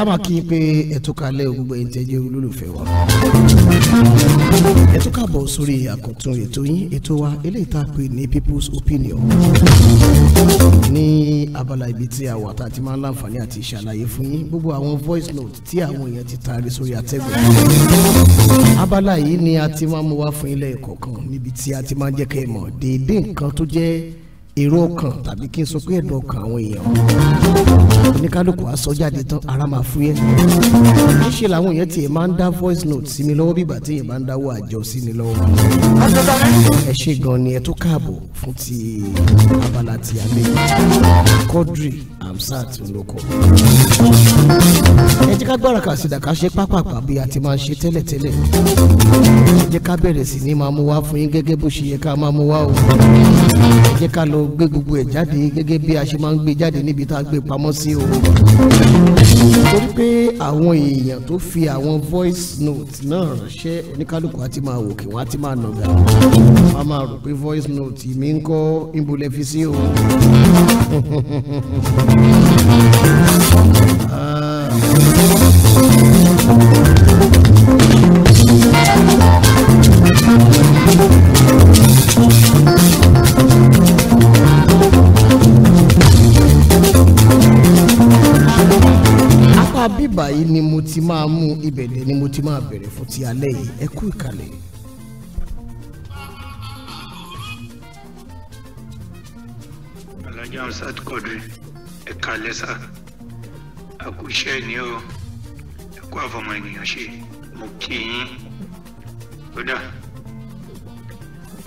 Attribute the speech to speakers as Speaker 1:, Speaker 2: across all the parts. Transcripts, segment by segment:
Speaker 1: ká máa kí n pé ẹ̀tún kalẹ̀ gbogbo ẹ̀yìn tẹ́jẹ́ wa. ẹ̀tún kàbọ̀ sórí àkọ́tún ètò yín ètò wa eléyìí tá a pè ní people's opinion. ní abala ibi tí a wà tá a ti máa ń láǹfààní àti ṣàlàyé fún yín gbogbo àwọn voice note tí àwọn èèyàn ti taari sórí àtẹ̀gùn. abala yìí ni a ti máa mú wá fún ilé ẹ̀kọ́ kan níbi tí a ti máa ń jẹ́ kẹ́ mọ̀ déédéé nǹkan tó jẹ́ èrò ọkàn tàbí kí n sọ pé ẹ̀dùn ọkàn àwọn èèyàn oníkálukú aṣọ jáde tán ara máa fúyẹ́ níṣẹ́ làwọn èèyàn tiẹ̀ máa ń dá voice note sí mi lọ́wọ́ bíbà tí èèyàn máa ń dáwọ́ àjọ sí mi lọ́wọ́ ẹ ṣe gan ni ẹ tó káàbọ̀ fún ti abala ti abẹ́ Quadri Hamzat olóko ẹ jẹ́ ká gbára kà sí dàka ṣe pápápá bí a ti máa ń ṣe tẹ́lẹ̀tẹ́lẹ̀ ẹ jẹ́ ká bẹ̀rẹ̀ sí ní máa mú wá fún yín gẹ́gẹ́ bó ṣe yẹ ká máa mú wá o ẹ jẹ́ ká lọ gbé gbogbo ẹ̀ jáde gẹ́gẹ́ bí a ṣe máa ń gbé jáde níbi tá a gbé pamọ́ sí o o torí pé àwọn èèyàn tó fi àwọn voice note náà ránṣẹ́ oníkálukú á ti máa wò kí wọ́n á ti máa nàgà wọ́n á máa rò pé voice note mi ń kọ́ ìbúlẹ̀ fi sí o.
Speaker 2: Ah.
Speaker 1: béèrè fún ti alẹ́ yìí ẹ kú ìkàlẹ̀.
Speaker 3: alájà hamsat quadri ẹ kàlẹ́ sá a kú iṣẹ́ ní o
Speaker 2: ẹ kú àfọmọ ènìyàn ṣe mo kí yín kódà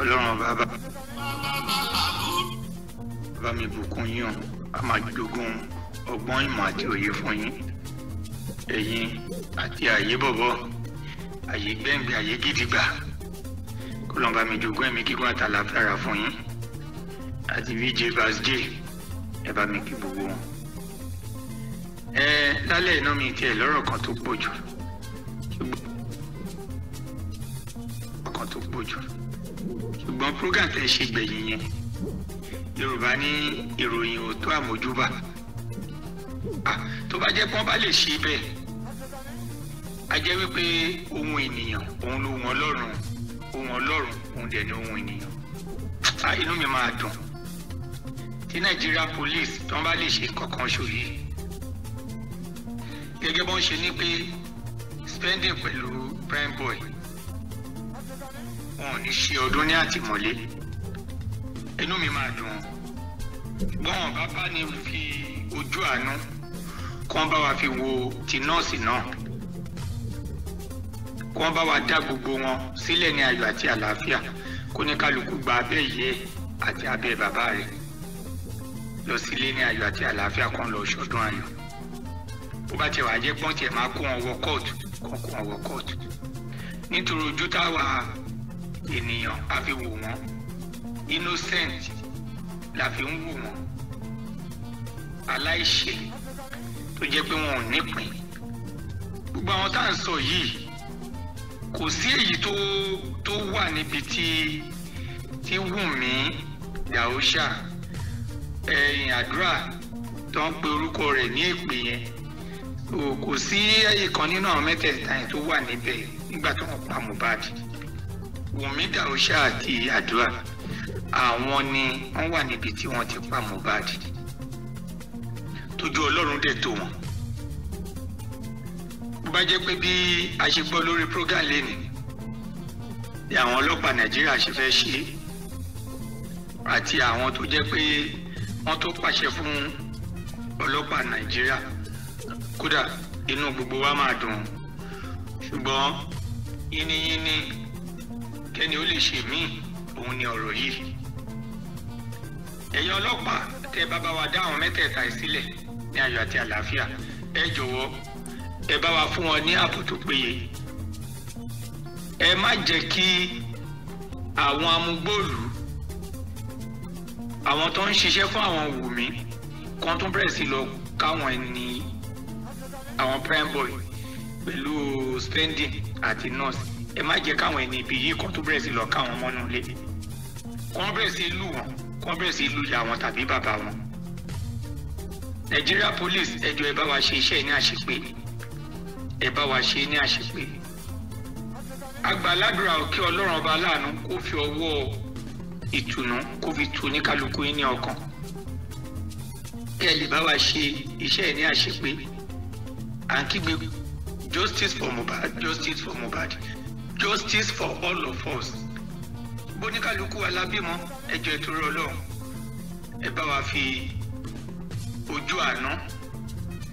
Speaker 2: ọlọ́run bàbá
Speaker 3: bàbá mi bùkún yín o a máa jogún ọgbọ́n ìmọ̀ àti òye fún yín ẹ̀yin àti àyè bọ̀bọ̀ àyè gbẹ̀ngbẹ̀ àyè gidi gbà kó lọ́n bá mi jogún ẹ̀mí kíkún àtàlàfẹ́ra fún yín àti vj vaz j ẹ bá mi kí gbogbo wọn. ẹ lálẹ́ iná mi tiẹ̀ lọ́rọ̀ kan tó pọ̀ jù ṣùgbọ́n program tẹ́ ṣe gbẹ̀yìn yẹn yorùbá ní ìròyìn òótọ́ àmójúbà ah, tó bá jẹ́ pọ́n bá lè ṣe bẹ́ẹ̀ a jẹ́ wípé ohun ènìyàn òun ló wọn ọlọ́run ohun ọlọ́run òun dẹ̀ ni ohun ènìyàn inú mi máa dùn tí Nigeria police tí wọ́n bá lè ṣe kankan ṣòyí gẹ́gẹ́ bọ́n ṣe ní pé spending pẹ̀lú prime boy wọn ò ní ṣe ọdún ní àtìmọ́lé inú mi máa dùn bọ́n bá bá ní fi ojú àánú kí wọ́n bá wa fi wo ti nọ́ọ̀sì náà kí wọ́n bá wa dá gbogbo wọn sílẹ̀ ní ayọ̀ àti àlàáfíà kó ní kálukú gba abẹ́ ìyé àti abẹ́ bàbá rẹ̀ lọ sílé ní ayọ̀ àti àlàáfíà kan lọ ṣọdún ayọ̀ bó bá tiẹ̀ wá jẹ́ pọ́n tiẹ̀ máa kó wọn wọ kóòtù kan kó wọn wọ kóòtù nítorí ojú táwa ènìyàn a fi wò wọ́n innocent la fi ń wò wọ́n aláìṣẹ̀ tó jẹ́ pé wọn ò nípìn gbogbo àwọn tá à ń sọ yìí kò sí èyí tó tó wà níbi tí tí Wùnmí Yahusha ẹ̀yìn àdúrà tó ń pe orúkọ rẹ̀ ní èpè yẹn kò sí ẹ̀yìn kan nínú àwọn mẹ́tẹ̀ẹ̀ta yẹn tó wà níbẹ̀ nígbà tó ń pa Mohbad Wùnmí Yahusha àti àdúrà àwọn ni wọ́n wà níbi tí wọ́n ti pa Mohbad tójú Ọlọ́run dẹ̀ tó wọn bá jẹ́ pé bí a ṣe gbọ́ lórí program lẹ́nu bí àwọn ọlọ́pàá nàìjíríà ṣe fẹ́ ṣe àti àwọn tó jẹ́ pé wọ́n tó pàṣẹ fún ọlọ́pàá nàìjíríà kódà inú gbogbo wa máa dùn ṣùgbọ́n yínníyínní kẹ́ni ó lè ṣe míì òun ni ọ̀rọ̀ yìí ẹ̀yin ọlọ́pàá tẹ́ bàbá wa dá àwọn mẹ́tẹ̀ẹ̀ta sílẹ̀ ní ayọ̀ àti àlàáfíà ẹ jọ̀wọ́ ẹ bá wa fún wọn ní ààbò tó péye ẹ má jẹ́ kí àwọn amúgbòòlù àwọn tó ń ṣiṣẹ́ fún àwọn wùmí kan tún bẹ̀rẹ̀ sí lọ káwọn ẹni àwọn prime boy pẹ̀lú spending àti nurse ẹ má jẹ́ káwọn ẹni ibi yìí kan tún bẹ̀rẹ̀ sí lọ káwọn mọ́nú ilé kan bẹ̀rẹ̀ sí lù wọ́n kan bẹ̀rẹ̀ sí lù ìyá wọn tàbí bàbá wọn Nigeria police ẹjọ́ ẹ bá wa ṣe iṣẹ́ ní àṣepé ẹ bá wa ṣe ní àṣepé agbàládùra òkè ọlọ́run ọba aláàánú kó fi ọwọ́ ìtùnú kó fi tu oníkálukú yín ní ọkàn kí ẹ lè bá wa ṣe iṣẹ́ ẹ̀ ní àṣepé à ń kígbe justice for Mohbad justice for Mohbad justice for all of us bóníkálukú alábímọ ẹjọ́ ìtòrò ọlọ́run ẹ bá wa fi ojú àánú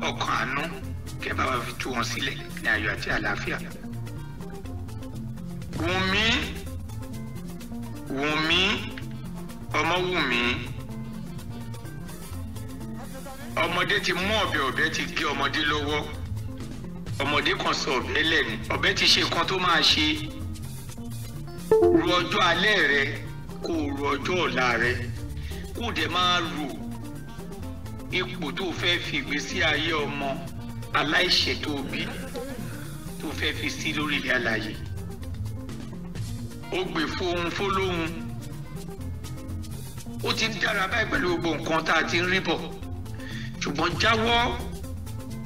Speaker 3: ọkàn àánú kẹ́ bá wa fi tú wọn sílẹ̀ ní ayọ̀ àti àlàáfíà. Wùmí Wùmí Ọmọwùmí ọmọdé ti mú ọ̀bẹ ọ̀bẹ ti gé ọmọdé lọ́wọ́ ọmọdé kan sọ ọ̀bẹ lẹ́nu ọ̀bẹ ti ṣe nǹkan tó máa ṣe ru ọjọ́ alẹ́ rẹ kó o ru ọjọ́ ọ̀la rẹ kó o dẹ̀ máa ro ipò tó fẹ́ fi ìgbésí ayé ọmọ aláìṣètò òbí tó fẹ́ fi sí lórílẹ̀ àlàyé ó gbè fóun fólóhun ó ti dára báyìí pẹ̀lú gbogbo nǹkan tá a ti ń rí bọ̀ ṣùgbọ́n jáwọ́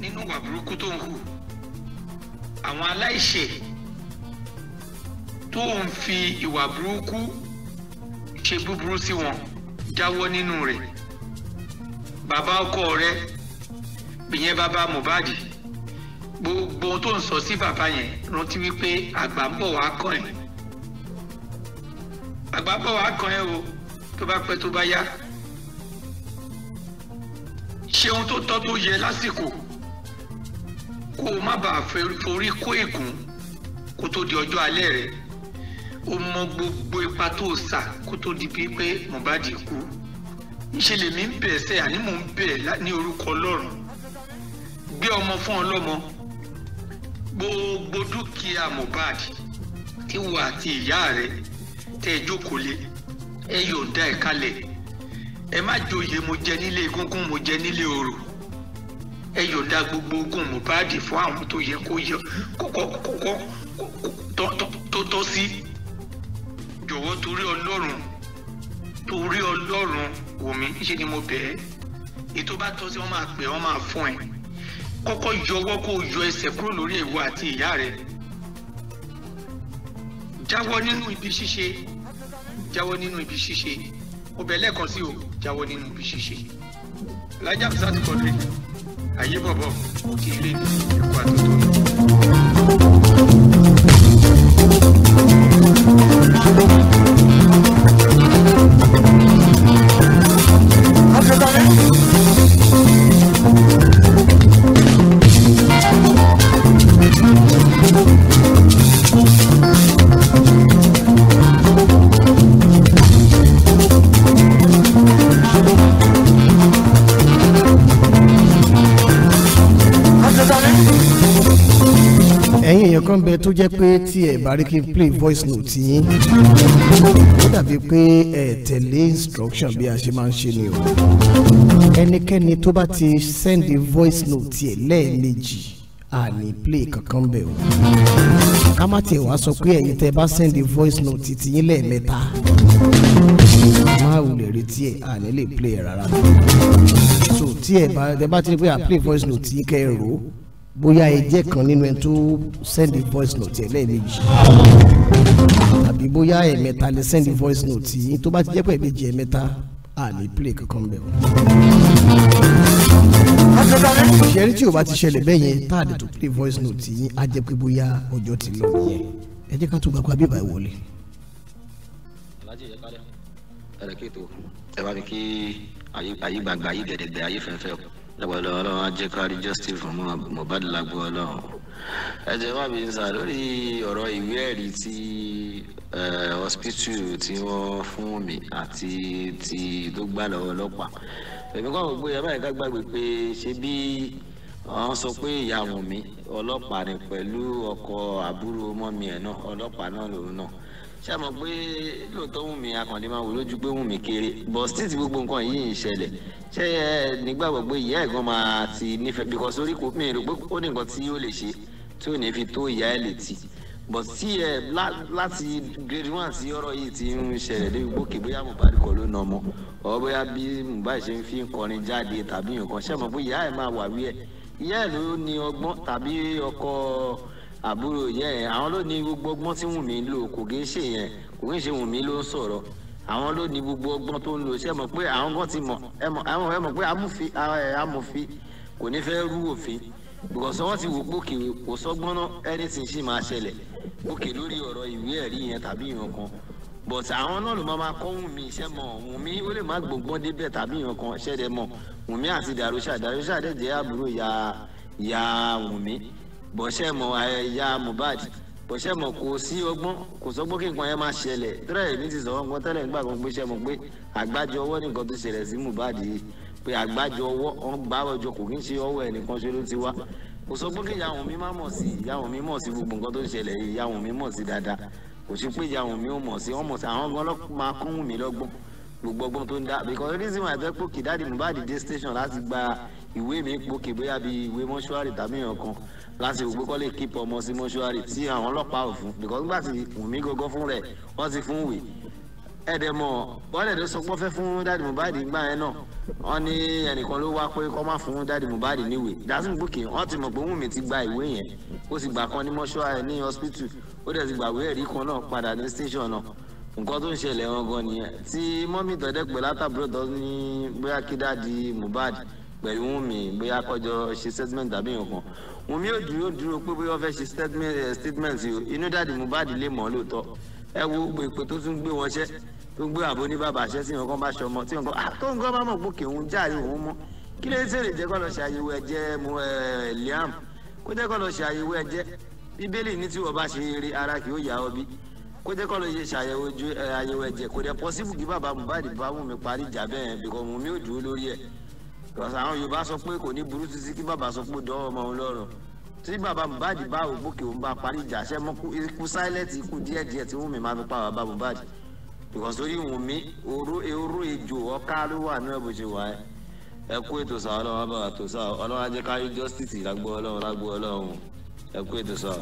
Speaker 3: nínú ìwà burúkú tó ń hù àwọn aláìṣe tó ń fi ìwà burúkú ṣe búburú sí wọn jáwọ́ nínú rẹ̀ bàbá ọkọ rẹ̀ ìyẹn bàbá Mohbad gbogbo ohun tó ń sọ sí bàbá yẹn rántí wípé àgbà ń bọ̀ wá kàn ẹ́ àgbà ń bọ̀ wá kàn ẹ́ o tó bá pẹ́ tó bá yá ṣe ohun tó tọ́ tó yẹ lásìkò kó o má bàa forí kó ègún kó tó di ọjọ́ alẹ́ rẹ̀ o mọ gbogbo ipa tó sà kó tó di bíi Mohbad kú ńṣe lèmi ń bẹ̀ ṣe àní mò ń bẹ̀ ní orúkọ Ọlọ́run gbé ọmọ fún ọlọ́mọ gbogbo dúkìá Mohbad tí wà àti ìyá rẹ̀ tẹ́ ẹ jókòó lé ẹ yọ̀ǹda ẹ̀ kalẹ̀ ẹ má joyè mo jẹ nílé egúngún mo jẹ nílé orò ẹ yọ̀ǹda gbogbo ogún Mohbad fún àwọn tó yẹ kó yẹ kókó kókó tó tọ́ sí jọ̀wọ́ torí Ọlọ́run torí Ọlọ́run wò mí ṣe ni mo bẹ̀ ẹ́ ètò bá tọ́ sí wọ́n máa pè wọ́n máa fún ẹ kọ́kọ́ yọwọ́ kó o yọ ẹsẹ̀ kúrò lórí ìwọ àti ìyá rẹ jáwọ́ nínú ibi ṣíṣe jáwọ́ nínú ibi ṣíṣe obìnrin lẹ́ẹ̀kan sí o jáwọ́ nínú ibi ṣíṣe
Speaker 4: alájà musa ti kọ́ni ayé bọ̀bọ̀ kí ilé ẹ̀kọ́ àtúntò.
Speaker 2: Africa,
Speaker 1: èèyàn kan bẹ tó jẹ́ pé tí ẹ bá rí kí n play voice note yín ó dàbí pé ẹ tẹ̀lé instruction bí a ṣe máa ń ṣe ni o ẹnikẹ́ni tó bá ti send voice note ẹ lẹ́ẹ̀mejì àní play kankan bẹ̀ o ká má tiẹ̀ wá sọ pé ẹ̀yin tẹ́ bá send voice note ti yín lẹ́ẹ̀mẹ́ta máa wulẹ̀ retí ẹ̀ àní lè play rárá so tí ẹ bá tẹ ti rí pé à play voice note yín kẹ́ ẹ rò ó bóyá ẹ jẹ́ kan nínú ẹ tó send a voice note ẹ lẹ́ẹ̀mejì tàbí bóyá ẹ̀mẹ́ta lè send a voice note yìí tó bá ti jẹ́ pé ẹ̀mejì ẹ̀mẹ́ta à ní play kankan bẹ̀ wọ́n. ìṣẹ́rí tí o bá ti ṣẹlẹ̀ bẹ́ẹ̀ yẹn tá a lè tó play voice note yìí á jẹ́ pé bóyá ọjọ́ ti lọ nìyẹn ẹ jẹ́ ká tún gbàgbọ́ abíbá ẹ wọlé.
Speaker 5: ẹ rẹ̀ kí ètò ẹ bá mi kí ayé gbàgbà ayé gẹ̀dẹ̀gbẹ̀ ayé fẹ́fẹ́ o lọ́pọ̀lọ́ ọlọ́run á jẹ́ kárí justice fún Mohbad lágbo ọlọ́run ẹ̀jẹ̀ wà bí n sà lórí ọ̀rọ̀ ìwé ẹ̀rí tí hospital tí wọ́n fún mi àti ti tó gbà lọ́wọ́ ọlọ́pàá èmi kọ́ gbogbo yẹn báyìí ká gbàgbé pé ṣé bí wọ́n sọ pé ìyá wọn mi ọlọ́pàá ni pẹ̀lú ọkọ àbúrò mọ́mi ẹ̀ náà ọlọ́pàá náà lòun náà ṣé a mọ̀ pé lóòótọ́ wù mí akàndé máa wò lójú pé wù mí kéré but still ti gbogbo nǹkan yìí ń ṣẹlẹ̀ ṣé ẹ nígbàgbọ́ pé ìyá ẹ̀gbọ́n máa ti nífẹ̀ẹ́ because orí kò mí rò pé ó ní nǹkan tí ó lè ṣe tí ò ní fi tó ìyá ẹ̀ létí but tí ẹ láti grade one sí ọ̀rọ̀ yìí ti ń ṣẹlẹ̀ débi gbókè bóyá Mohbad kọ́ ló na ọmọ ọ bóyá bí Mohbad ṣe ń fi nǹkan jáde tàbí nǹkan ṣé mọ̀ pé ìyá ẹ̀ máa wà wí ẹ̀ ìyá ẹ̀ ló ní ọgbọ́n tàbí ọkọ̀ ọ̀ àbúrò ìyá ẹ̀ àwọn ló ní gbogbo ọgbọ́n tí Wùnmí lò kò kí ń ṣe yẹn kò kí ń ṣe Wùnmí ló ń sọ̀rọ̀ àwọn ló ní gbogbo ọgbọ́n tó ń lò ṣe mọ̀ pé àwọn kan ti mọ̀ ẹ mọ̀ pé amòfin kò ní fẹ́ rú òfin because wọ́n ti wò gbòkè kò sọ́gbọ́n náà anything ṣì máa ṣẹlẹ̀ gbòkè lórí ọ̀rọ̀ ìwé ẹ̀rí yẹn tàbí ìyàn kan but àwọn náà ló máa ma kọ́ Wùnmí iṣẹ́ mọ̀ Wùnmí ó lè má gbọ́gbọ́n débẹ̀ tàbí ìyàn kan ṣẹ́ẹ̀dẹ̀ mọ̀ Wùnmí àti Darusha Darusha dẹ̀ jẹ́ àbúrò ìyá ìyá Wùnmí bọ̀ṣẹ́ mọ̀ ẹ̀yà Mohbad bọ̀ṣẹ́ mọ̀ kò sí ọgbọ́n kò sọgbọ́n kí nǹkan yẹn máa ṣẹlẹ̀ tẹ́lẹ̀ mi ti sọ̀rọ̀ nǹkan tẹ́lẹ̀ nígbà kan pé ṣẹ́ mọ̀ pé àgbájọ ọwọ́ nìkan tó ṣẹlẹ̀ sí Mohbad yìí pé àgbájọ ọwọ́ ọ̀n bá ọjọ́ kò kí ń ṣe ọwọ́ ẹnìkan ṣe ló ti wá kò sọgbọ́n kí ìyàwó mi má mọ̀ sí ìyàwó mi mọ̀ sí gbogbo nǹkan tó ṣẹlẹ̀ ìyàwó mi mọ̀ sí dáadáa kò sí pé ìyàwó mi ò mọ̀ sí ọmọ sí àwọn ọlọ́pàá kún mi lọ́gbọ́n gbogbo ọgbọ́n tó ń dá because reason why i fẹ́ pé kìdáàdì Mohbad dé station láti gba ìwé mi gòkè bóyá bíi ìwé mọ́ṣúárì tàbí èèyàn kan láti wò pé kọ́ lè kíp ọmọ sí mọ́ṣúárì tí àwọn ọlọ́pàá ò fún because nígbà tí Wùmí gọ́gọ́ fún rẹ̀ wọ́n ti fún wèé ẹ̀dẹ̀mọ̀ bọ́lẹ̀ ló sọ pé fẹ́ fún dáàdì Mohbad gbà yẹn náà wọ́n ní ẹnìkan ló wá pé kọ́ má fún dáàdì Mohbad níwèé Dásìn Bùkì wọ́n ti mọ̀ pé Wùmí ti gba ìwé yẹn ó sì gbà kan ní mọ́ṣúárì ní hospital ó dẹ̀ ti gbàwé ẹ̀rí kan náà padà ní station náà nǹkan tó ń ṣẹlẹ̀ wọn gan nìyẹn tí mọ́mí tọ́dẹ̀ pẹ̀ látàbúrò tó ní bóyá kí dáàdì Mohbad pẹ̀lú Wùnmí bóyá kọjọ ṣe statement tàbí nǹkan Wùnmí yóò dúró dúró pé bóyá wọ́n ṣe statement eh, yìí inú dáàdì Mohbad lè mọ̀ lóòótọ́ ẹ wo èpè tó tún gbé wọn ṣẹ́ tó gbé àbò ní bàbá ṣẹ́ sí nǹkan bá ṣọmọ tí nǹkan ah, tó nǹkan bá mọ̀ gòkè òun járe òun mọ́ kí ló ń sèrè jẹ́ kó lọ ṣàyẹ̀wò ẹ̀jẹ̀ eh, Liam kó jẹ́ kó lọ ṣàyẹ̀wò ẹ̀jẹ̀ bíbélì ní tí wọ́n bá ṣe eré ara kì í ó ọ bí kó jẹ́ kọ́ ló ṣe ṣàyẹ̀wò eh, ẹ̀jẹ̀ kò dẹ̀ pọ́sibù kí bàbá Mohbad bá Wùnmí parí ìjà bẹ́ẹ̀ bìkọ́ Wùnmí ò dúró lórí ẹ̀ kọsà àwọn Yorùbá sọ pé kò ní burú títí kí bàbá sọ pé dọ́wọ́ ọmọ òun tí bàbá Mohbad bá ògbókè òun bá parí ìjà ṣẹ́ mọ́ ikú sáílẹ̀tì ikú díẹ̀díẹ̀ tí Wùnmí máa fi pa bàbá Mohbad because torí Wùnmí oró èrò ejò ọ̀ká ló wà náà bó ṣe wà ẹ́ ẹ kú ètò sáà ọlọ́run bá wa tó sáà ọlọ́run á jẹ́ justice lágbó ọlọ́run lágbó ọlọ́run ẹ kú ètò sáà.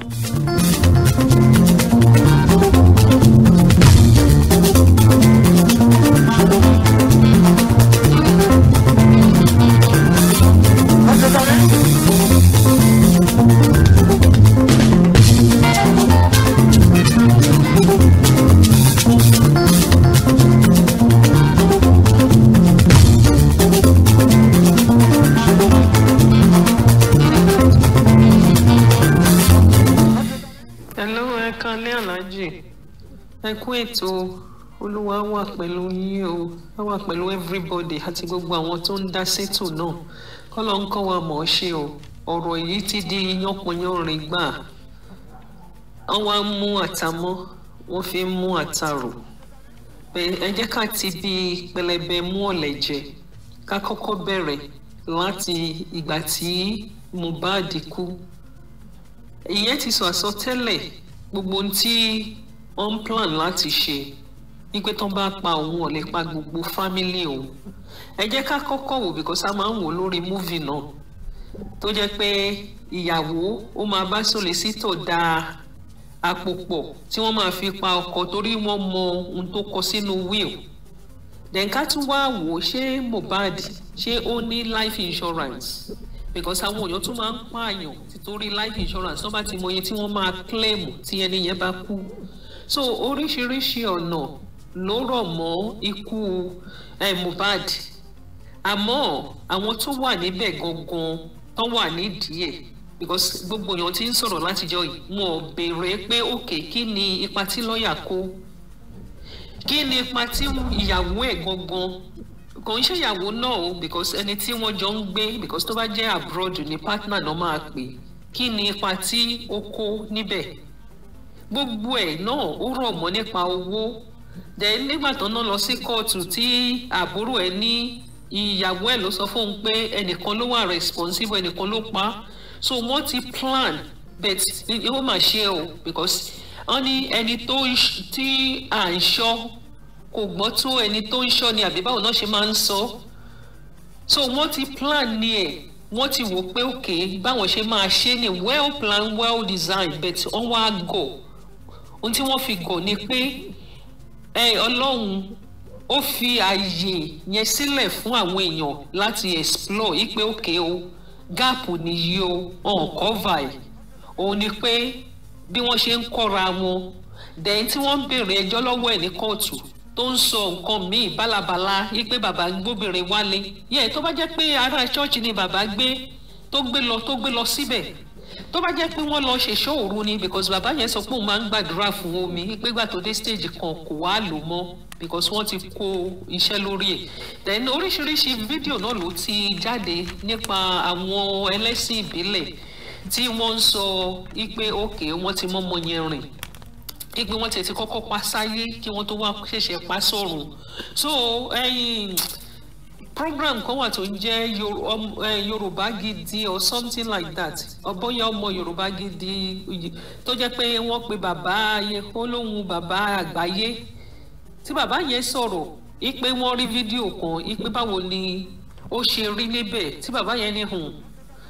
Speaker 6: wà pẹ̀lú everybody àti gbogbo àwọn tó ń dá sétò náà kọ́lọ́ ń kọ́ wa mọ̀ ọ́ ṣe o ọ̀rọ̀ yìí ti di yánpọnyánrin gbà wọ́n wá ń mú àtàmọ́ wọ́n fi ń mú àtàrò ẹ jẹ́ ká ti bí pẹlẹbẹ mú ọ̀lẹ̀ jẹ ká kọ́kọ́ bẹ̀rẹ̀ láti ìgbà tí Mohbad kú ìyẹn ti sọ àsọtẹ́lẹ̀ gbogbo ohun tí wọ́n ń plan láti ṣe wípé tán bá pa òun ò lè pa gbogbo fámílì òun ẹ jẹ́ ká kọ́kọ́ wò bìkọ́sá máa ń wò lórí múvì náà tó jẹ́ pé ìyàwó ó máa bá sólésítọ̀ da àpò pọ̀ tí wọ́n máa fi pa ọkọ torí wọ́n mọ ohun tó kọ sínú will then ká tún wá wò ó ṣé Mohbad ṣé ó ní life insurance because àwọn èèyàn tún máa ń pààyàn títorí life insurance tó bá ti mọ iye tí wọ́n máa claim tí ẹni yẹn bá kú so oríṣiríṣi ọ̀nà ló rọ̀ mọ́ ikú Mohbad àmọ́ àwọn tó wà níbẹ̀ gangan tó wà nídìí ẹ̀ because gbogbo èèyàn ti ń sọ̀rọ̀ látijọ́ yìí wọn ò béèrè pé òkè kí ni ipa tí lọ́ọ̀yà kó kí ni ipa tí ìyàwó ẹ̀ gangan kò ń ṣèyàwó náà o because ẹni tí wọ́n jọ ń gbé because tó bá jẹ́ abroad ni partner náà máa pè kí ni ipa tí ó kó níbẹ̀ gbogbo ẹ̀ náà ó rọ̀ mọ́ nípa owó then nígbà tó ná lọ sí kóòtù tí àbúrò ẹ̀ ní ìyàwó ẹ̀ ló sọ fóun pé ẹnìkan ló wà responsible ẹnìkan ló pa so wọ́n ti plan but ó mà ṣe o because wọ́n ní ẹni tó tí à ń ṣọ́ kò gbọ́ tó ẹni tó ń ṣọ́ ni àbí báwo náà ṣe máa ń sọ so wọ́n ti plan ni ẹ̀ wọ́n ti wò pé òkè báwọn ṣe máa ṣe ni well planned well designed but wọ́n wá gọ̀ ohun tí wọ́n fi gọ̀ ni pé ọlọ́run ó fi ààyè yẹn sílẹ̀ fún àwọn èèyàn láti explore ipe òkè o gáàpù nìyí o ọ̀nkọ́và ẹ̀ òun ni pé bí wọ́n ṣe ń kọ́ra wọn dẹ̀yìn tí wọ́n ń béèrè ẹjọ́ lọ́wọ́ ẹ̀ ní kóòtù tó ń sọ nǹkan míì bálabàla wípé bàbá ń gbóbìnrin wálé yẹ tó bá jẹ́ pé ará ṣọ́ọ̀ṣì ni bàbá gbé tó gbé lọ tó gbé lọ síbẹ̀ tó bá jẹ́ pé wọ́n lọ ṣèṣọ́ òru ni because bàbá yẹn sọ pé òun máa ń gbàdúrà fún omi pégbà tó dé stage kan kò wá lò mọ́ because wọ́n ti kó iṣẹ́ lórí ẹ̀ then oríṣiríṣi fídíò náà ló ti jáde nípa àwọn ẹlẹ́sìn ìbílẹ̀ tí wọ́n ń sọ pé òkè wọ́n ti mọ́mọ́ yẹn rìn pé wọ́n ti ti kọ́kọ́ pa sáyé kí wọ́n tó wá ṣẹ̀ṣẹ̀ pa sọ́run so ẹyin. Eh, program kan wà tó ń jẹ́ um, yorùbá gidi or something like that ọbọ̀yà ọmọ yorùbá gidi tó jẹ́ pé wọ́n pe bàbá olóhùn bàbá àgbáyé tí bàbá yẹn sọ̀rọ̀ ipe wọ́n rí fídíò kan ipe báwo ni ó ṣe rí níbẹ̀ tí bàbá yẹn ní hùn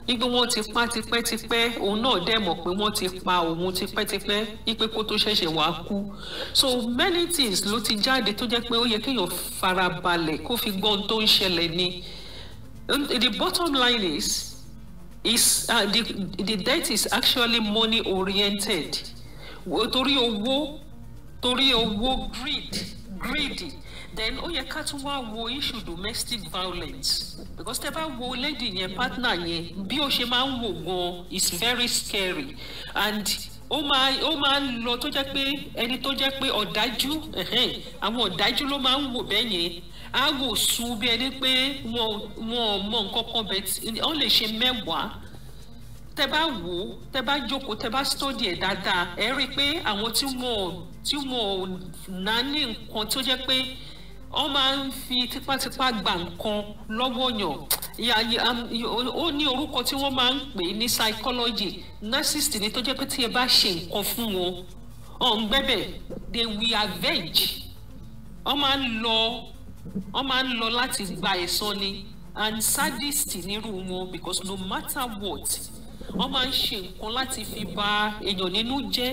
Speaker 6: ipe wọ́n ti pa tipẹ́tipẹ́ òun náà dẹ̀ mọ̀ pé wọ́n ti pa òun tipẹ́tipẹ́ ipe kó tó ṣẹ̀ṣẹ̀ wá kú so many things ló ti jáde tó jẹ́ pé ó yẹ kéèyàn farabalẹ̀ kó fi gbọ́n tó ń ṣẹlẹ̀ ni the bottom line is is uh, the the debt is actually money oriented torí owó torí owó greed greed then ó yẹ ká tún wá wo issue domestic violence because tẹ bá wo lady yẹn partner yẹn bí ó ṣe máa ń wò gan is very scary and ó máa ó máa ń lọ tó jẹ́ pé ẹni tó jẹ́ pé ọ̀dájú àwọn ọ̀dájú ló máa ń wò bẹ́ẹ̀ yẹn á wò sùn bí ẹni pé wọn wọn ò mọ nǹkan kan bẹ́ẹ̀ wọ́n lè ṣe mẹ́wàá tẹ bá wò ó tẹ bá jókòó tẹ bá stọdì ẹ dáadáa ẹ rí i pé àwọn tí wọn ò tí wọn ò náà ní nǹkan tó jẹ́ pé wọ́n máa ń fi tipátipá gba nǹkan lọ́wọ́ yàn um, ó ní orúkọ tí wọ́n máa ń pè ní psychology narcissist ni tó jẹ́ pé tí ẹ bá ṣe nǹkan fún wọn ọ̀ngbẹ́bẹ̀ they will avenge wọ́n máa ń lọ wọ́n máa ń lọ láti gba ẹ̀san ni and sadist nírú wọn because no matter what wọ́n máa ń ṣe nǹkan láti fi bà èèyàn nínú jẹ́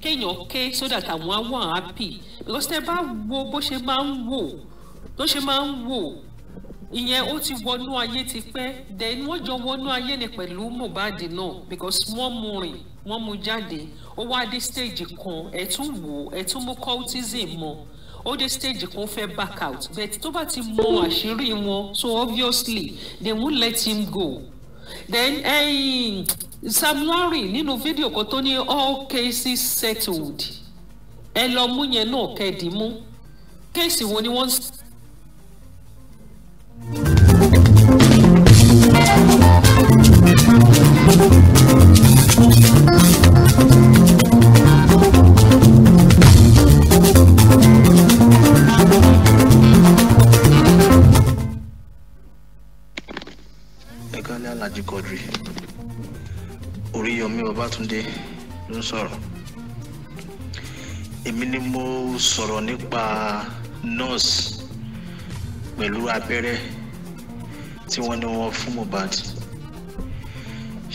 Speaker 6: kéèyàn ké so that àwọn á wà happy because tẹ́ bá wo bó ṣe máa ń wò bó ṣe máa ń wò ìyẹn ó ti wọnú ayé ti pẹ́ then wọ́n jọ wọnú ayé ni pẹ̀lú Mohbad náà because wọ́n mú rìn wọ́n mú jáde ó wá dé stage kan ẹ̀ tún wò ẹ̀ tún mú cultism mọ́ ó dé stage kan fẹ́ back out but tó bá ti mọ àṣírí wọn so obviously they won't let him go then ẹ̀yìn. Hey, Sam Larry nínú fídíò kan tó ní all cases settled ẹ lọ mú yẹn náà kẹ́ẹ̀dì mú kéèsì wo ni wọ́n. thank you
Speaker 3: ń sọ̀rọ̀ èmi ni mo sọ̀rọ̀ nípa nurse pẹ̀lú abẹ́rẹ́ tí wọ́n ní wọ́n fún Mohbad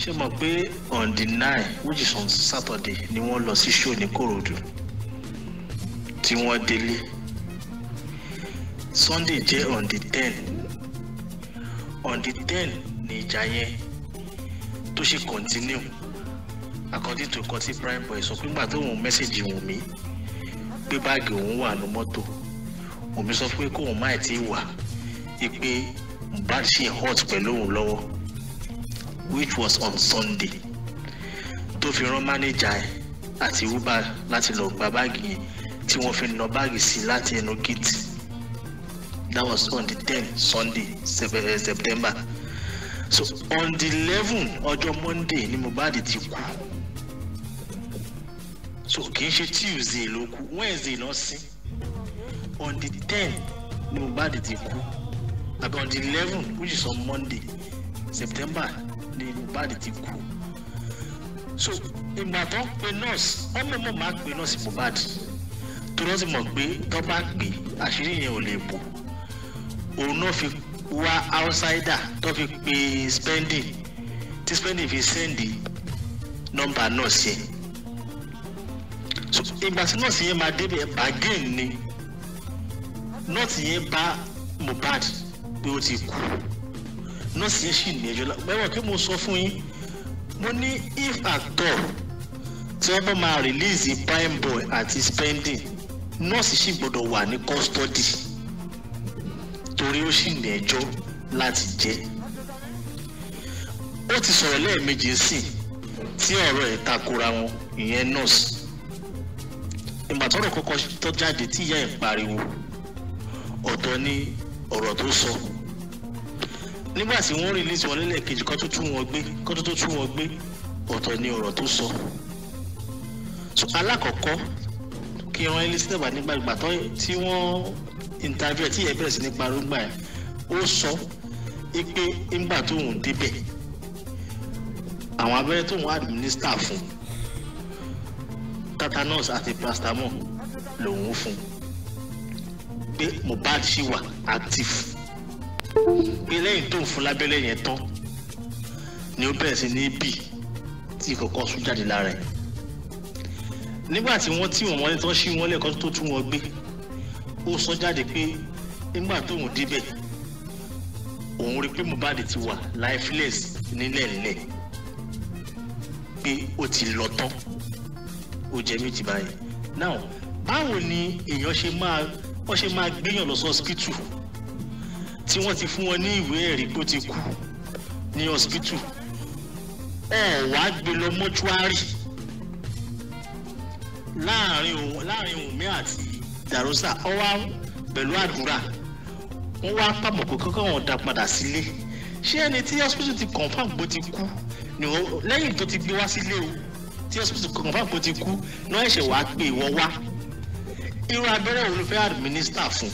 Speaker 3: ṣé mọ̀ pé on the nine which is on Saturday ni wọ́n lọ sí show ní Kòròdú tí wọ́n délé Sunday jẹ́ on the ten on the ten ni ìjà yẹn tó ṣe continue according to nǹkan prime boy sọ pé nígbà tó òun mẹ́sẹ̀gì Wùnmí pé báàgì òun wà ní mọ́tò Wùnmí sọ pé kóun má ti wà pé bad ṣì hot pẹ̀lú òun lọ́wọ́ which was on Sunday tó fi rán mánéjà ẹ̀ àti uber láti lọ gba báàgì yẹn tí wọ́n fi nà báàgì sí láti ẹnu gíìtì that was on the ten Sunday eh, September so on the eleven ọjọ́ Monday ni Mohbad ti kú so kì í ṣe tuesday ló kú wednesday ló sin on the ten ni Mohbad ti kú àbí on the eleven which is on monday september ni Mohbad ti kú so ìgbà tó ń pe nurse ọmọ mọ̀ máa pe nurse Mohbad tó lọ́sìn mọ̀ pé tó bá pè àṣírí yẹn ò lè bò òun náà fi wá outsider tó fi pe spending tí spending fi send nọ́mbà nurse yẹn ìgbà tí nọ́ọ̀sì yẹn máa débẹ̀ bàgẹ́ẹ̀n ni nọ́ọ̀sì yẹn bá Mohbad pé ó ti kú nọ́ọ̀sì yẹn sì ní ẹjọ́ lọ́wọ́ kí mo sọ fún yín mo ní if at all tí wọ́n bá máa release prime boy àti spending nọ́ọ̀sì sì gbọ́dọ̀ wà ní custody torí ó sì ní ẹjọ́ láti jẹ́ ó ti sọ̀rọ̀ lẹ́ẹ̀mejì sí tí ọ̀rọ̀ ẹ̀ takora wọn ìyẹn nọ́ọ̀sì ìgbà tọ́rọ̀ kọ́kọ́ tó jáde tí ìyá ẹ̀ pariwo ọ̀tọ̀ ni ọ̀rọ̀ tó sọ nígbà tí wọ́n release wọn nílẹ̀ kejì kó tó tún wọn gbé kó tó tún wọn gbé ọ̀tọ̀ ni ọ̀rọ̀ tó sọ so alákọ̀ọ́kọ́ kí wọn Elizabeth bá nígbà ìgbà tó tí wọ́n interview tí ìyẹn bẹ̀rẹ̀ sí ní parúgbà ẹ̀ ó sọ pé ńgbà tóun débẹ̀ àwọn abẹ́rẹ́ tóun administer fún un tatanus àti paracetamol lòun fún pé Mohbad ṣì wà active pé lẹ́yìn tó ń fún lábẹ́lẹ́ yẹn tán ni ó bẹ̀rẹ̀ sí ní bì tí kọ̀ọ̀kan sún jáde lára ẹ̀ nígbà tí wọ́n tì wọ́n mọ́lé tán ṣí wọ́n lẹ́ẹ̀kan tó tún wọn gbé ó sọ jáde pé nígbà tóun débẹ̀ òun rí pé Mohbad ti wà lifeless nílẹ̀ nílẹ̀ pé ó ti lọ tán ó jẹ méjì báyìí now báwo ni èèyàn ṣe máa wọ́n ṣe máa gbéyàn lọ sí ọsibítù tí wọ́n ti fún wọn ní ìwé ẹ̀rí pé ó ti kú ní ọsibítù ọ̀ wá gbé lọ mọ́ṣúárì láàrin òun láàrin Wùnmí àti Dàrósà ọ wá pẹ̀lú àdúrà wọ́n wá pàmò kọ́kọ́ wọn dá padà sílé ṣé ẹni tí hospital ti confam bó ti kú lẹ́yìn tó ti gbé wá sílé o tí hospital confam kó ti kú náà ẹ̀ṣẹ̀ wàá pé ìwọ wá irú abẹ́rẹ́ wo ló fẹ́ administer fún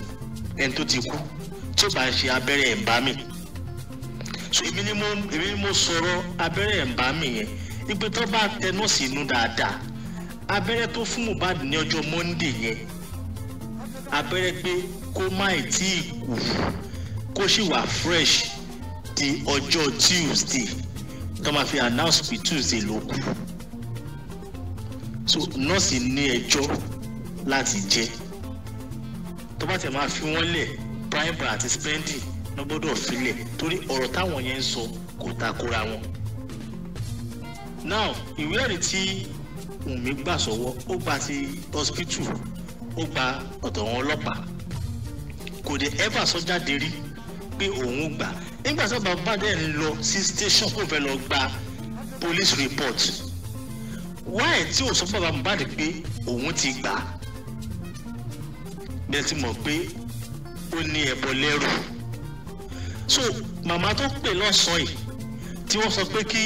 Speaker 3: ẹni tó ti kú tí ó bá ń ṣe abẹ́rẹ́ ẹ̀ǹbámì so èmi ni mo èmi ni mo sọ̀rọ̀ abẹ́rẹ́ ẹ̀ǹbámì yẹn ipe tó bá tẹ nọ́ọ̀sì inú dáadáa abẹ́rẹ́ tó fún Mohbad ní ọjọ́ Monday yẹn abẹ́rẹ́ pé kó má tí ì kú kó sì wà fresh di ọjọ́ Tuesday tó máa fi announce pé Tuesday ló kú so nọ́ọ̀sì ní ẹjọ́ láti jẹ tó bá tẹ̀ máa fi wọ́n lẹ̀ primer àti spending ló gbọ́dọ̀ filẹ̀ torí ọ̀rọ̀ táwọn yẹn ń sọ kò takora wọn. now ìwé ẹ̀rí tí Wùnmí gbà sọ́wọ́ ó gba ti hospital ó gba ọ̀dọ̀ wọn ọlọ́pàá kò dé ever sọ jáde rí pé òun gbà nígbà tí bàbá dẹ̀ ń lọ sí station kó fẹ́ lọ gba police report wáyé tí ò sọ fún bàbá Mohbad pé òun ti gbà á bẹ́ẹ̀ ti mọ̀ pé ó ní ẹbọ lẹ́rù so màmá tó pè lọ́sàn yìí tí wọ́n sọ pé kí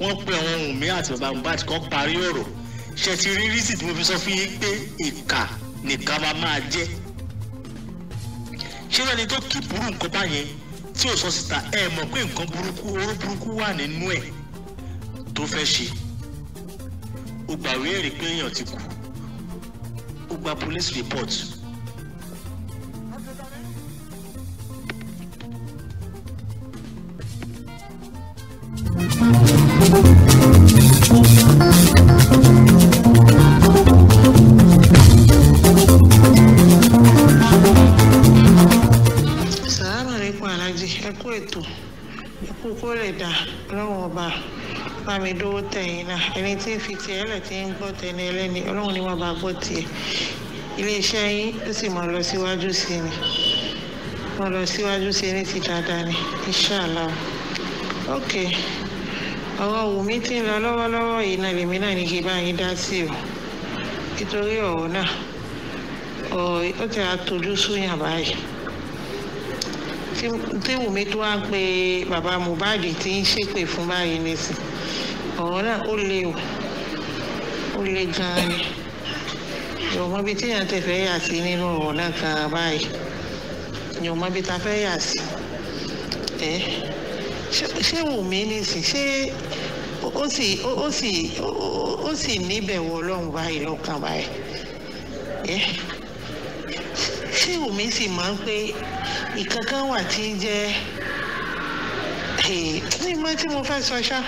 Speaker 3: wọ́n pe àwọn ohun mi àti bàbá Mohbad kan parí ọ̀rọ̀ ṣe ti rí rísì tí mo fi sọ fún yín pé ìkà nìkan máa máa jẹ́ ṣé ẹni tó kí burú nǹkan báyẹn tí ò sọ síta ẹ mọ̀ pé nǹkan burúkú oró burúkú wà nínú ẹ̀ tó fẹ́ ṣe o gbàwé ẹ̀rí pé èèyàn ti kú o police report
Speaker 7: ẹni tí ń fi tiẹ̀ ẹlẹ̀ tí ń gbọ́ tẹni ẹlẹ́ni ọlọ́run ni wọ́n bá gbọ́ tiẹ̀ iléeṣẹ́ yín ó sì máa lọ síwájú sí ni wọ́n lọ síwájú sí ní ti dáadáa ni inṣàlá ok ọ̀rọ̀ wùmí tí ń lọ lọ́wọ́lọ́wọ́ yìí náà lèmi náà ní kí bá yín dá sí o nítorí ọ̀rọ̀ náà ọ̀rọ̀ ó ti àtọ́jú súyàn báyìí tí wùmí tó wá ń pe bàbá Mohbad tí ń ṣépè fún báyìí nísìnyí. Ora, o leu. O leu Yo ma bi ti yan te fe ya si ni no ona ka bai. Yo ma bi ya si. Eh. Se wo mi ni si se o si o si o si ni be wo Olorun bai lo kan bai. Eh. Se wo si ma pe ikankan wa ti je ní ìmọ̀ tí mo fẹ́ sọ ṣá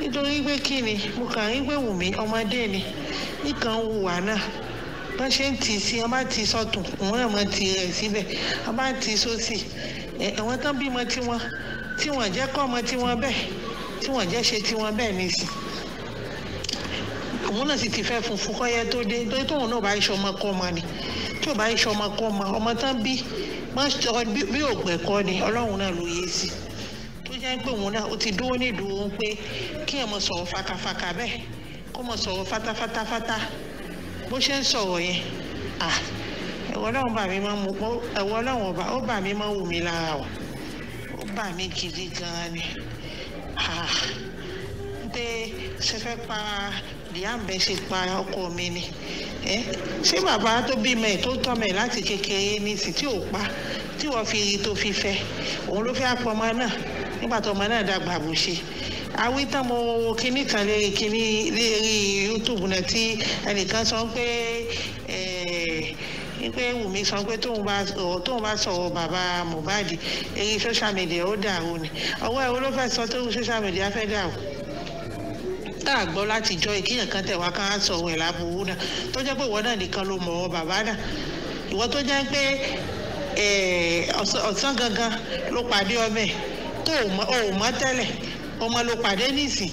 Speaker 7: nítorí pé kí ni mo kàn rí pé Wùmí ọmọdé ni nìkan wùwà náà bọ́n ṣe ń tì sí ọba ti sọ̀tún òun náà mọ̀ ti rẹ̀ síbẹ̀ ọba ti sósì àwọn tán bímọ tiwọn tí wọ́n jẹ́ kọ́ ọmọ tiwọn bẹ́ẹ̀ tí wọ́n jẹ́ ṣe tiwọn bẹ́ẹ̀ nìsín òun náà sì ti fẹ́ funfun kọ́yẹ́ tó dé torí tóun náà bá iṣẹ́ ọmọ kọ́ ọmọ ni tí ò bá iṣẹ́ ọmọ kọ́ ọmọ ọmọ tán bí bí ògbẹ́kọ́ ni ọlọ́run náà ló yé sí i jẹ́ pé òun náà ó ti dúró nídùú òun pé kí ẹ̀ mọ sọ̀rọ̀ fakafaka bẹ́ẹ̀ kó mọ sọ̀rọ̀ fatafatafata bó ṣe ń sọ̀rọ̀ yẹn ẹ̀wọ̀ ọlọ́run bà mí máa mú ẹ̀wọ̀ ọlọ́run ọba ó bà mí máa wù mí lára o ó bà mí gidi gan-an ni pé ṣe fẹ́ pa ìyáàbẹ̀ ṣe pa ọkọ mi ni ṣé bàbá tó bímọ ẹ̀ tó tọ́mọ ẹ̀ láti kékeré ní sì tí ò pa tí wọ́n fi rí tó fi fẹ́ òun ló fẹ́ àpọ̀mọ́ náà nígbà tó ọmọ náà dàgbà bó ṣe awítán mo wo kinní kan lérí kinní lérí youtube náà tí ẹnìkan sọ pé pé wùmí sọ pé tóun bá tóun bá sọ̀rọ̀ bàbá mohbad eré social media ó dàrú ni ọwọ́ ẹ̀ ló fẹ́ sọ tóun social media fẹ́ dàrú tá a gbọ́ láti jọ ìkíyàn kan tẹ̀ wá ká sọ̀rọ̀ ẹ̀ láburú náà tó jẹ́ pé ìwọ náà nìkan ló mọ̀ ọ́ bàbá náà ìwọ tó jẹ́ pé ọ̀sán gangan ló pàdé ọmọ ẹ̀ tó o mọ̀ tẹ́lẹ̀ ọmọ ló pàdé nísìn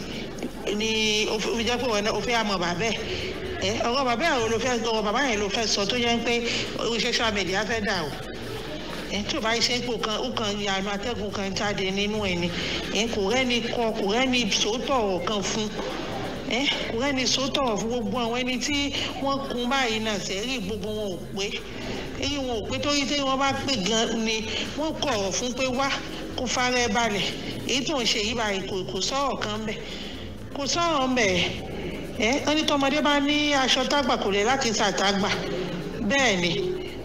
Speaker 7: ni o jẹ́ pé o fẹ́ àmọ̀ bàbá ẹ̀ ọ̀rọ̀ bàbá yẹn ló fẹ́ ọ̀rọ̀ bàbá yẹn ló fẹ́ sọ tó yẹ pé social media fẹ́ dà o tí o bá ṣe ń pò kan ó kan ìyànú atẹ́gùn kan jáde nínú ẹ̀ ni kò rẹ́ni kọ kò rẹ́ni sòótọ́ ọ̀rọ̀ kan fún kò rẹ́ni sòótọ́ ọ̀rọ̀ fún gbogbo àwọn ẹni tí wọ́n kun báyìí náà sẹ́rí gbogbo wọn ò pé èyí wọn ò pé torí tí wọ́n bá pè gan ni wọ́n kọ̀ ọ̀rọ̀ fún pé wá kó farẹ́ balẹ̀ èyí tó ń ṣe yí báyìí kò kò sọ̀rọ̀ kan ń bẹ̀ kò sọ̀rọ̀ ń bẹ̀ ẹ́ wọ́n ní tọmọdé bá ní aṣọ tágbà kò lè láti ṣàtàgbà bẹ́ẹ̀ ni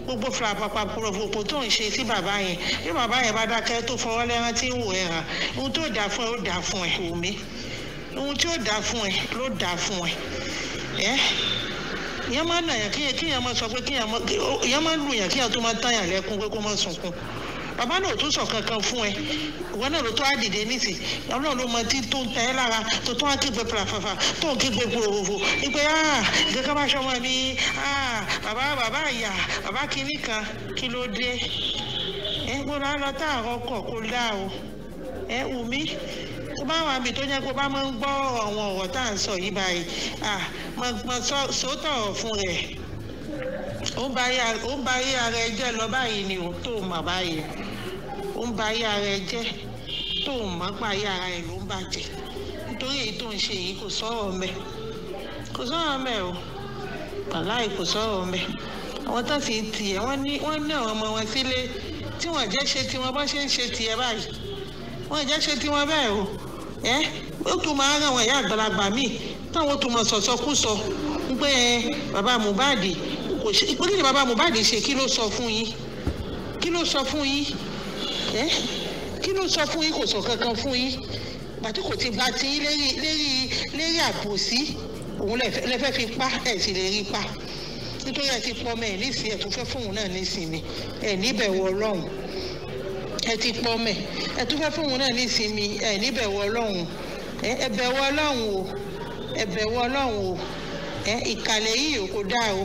Speaker 7: gbogbo fìlàpàpà pòròpòpò tó ń ṣe sí bàbá yẹn bí bàbá yẹn bá dákẹ́ tó fọwọ́ lẹ́rán tí ń wò ẹ̀ hàn ohun tó dà fún ẹ ó dà fún ẹ Wùmí ohun tí ó dà fún ẹ ló dà fún ẹ ẹ́ yẹn máa nà yàn kíyàn kíyàn máa sọ pé kíyàn máa lù yàn kíyàn tó máa tán yàn lẹ́kún pé kó máa sunkún bàbá náà tó sọ kankan fún ẹ ìwọ náà ló tó àdìdè nísìn ọlọ́run ló mọ tí tó ń tẹ ẹ́ lára tó tó wá kígbe pàfàfà tó ń kígbe gbòòrò ìpè ìkankan bá ṣọmọ mi bàbá bàbá ìyá bàbá kìíní kan kí ló dé ẹ gbọ́dọ̀ á lọ tá àrọ́ kọ̀ kó dá o ẹ wù mí kó bá wà mí tó yẹ kó bá máa ń gbọ́ àwọn ọ̀rọ̀ tá à ń sọ yìí báyìí mọ̀ sótọ̀ fún rẹ̀ ó ń bá yé ara ẹ jẹ́ lọ báyìí ni ò tó mà báyìí ń ba ayé ara ẹ jẹ́ tó ń mọ́ pa ayé ara ẹ ló ń bàjẹ́ nítorí èyí tó ń ṣe yìí kò sọ̀rọ̀ mẹ́ kò sọ̀rọ̀ mẹ́ o pàláì kò sọ̀rọ̀ mẹ́ àwọn tó ti tiẹ̀ wọ́n ní àwọn ọmọ wọn sílé tí wọ́n jẹ́ ṣe tiwọn bá ṣe ń ṣe tiẹ̀ báyìí wọ́n jẹ́ ṣe tiwọn bẹ́ẹ̀ o ẹ́ ó tún máa ràn wọ́n ẹ̀yà àgbàlagbà míì táwọn tó máa sọ̀sọ́kúsọ pé bàbá Mohbad kò ṣe ìpínlẹ̀ bàbá Mohbad ṣe kí ló sọ fún yín kí ló sọ fún yín kí ló sọ fún yín kò sọ kankan fún yín pàtó kò ti bá ti lérí lérí lérí àbòsí òun lè fẹ́ fi pa ẹ̀ sì lè rí pa nítorí ẹ ti pọmọ ẹ nísìn ẹ tó fẹ́ fóun náà nísìnyí ẹ níbẹ̀wò ọlọ́run ẹ ti pọmọ ẹ tó fẹ́ fóun náà nísìnyí ẹ níbẹ̀wò ọlọ́run ẹ bẹ̀wò ọlọ́run o ẹ bẹ̀wò ọlọ́run o ẹ ìkàlẹ̀ yìí ò kò dáa o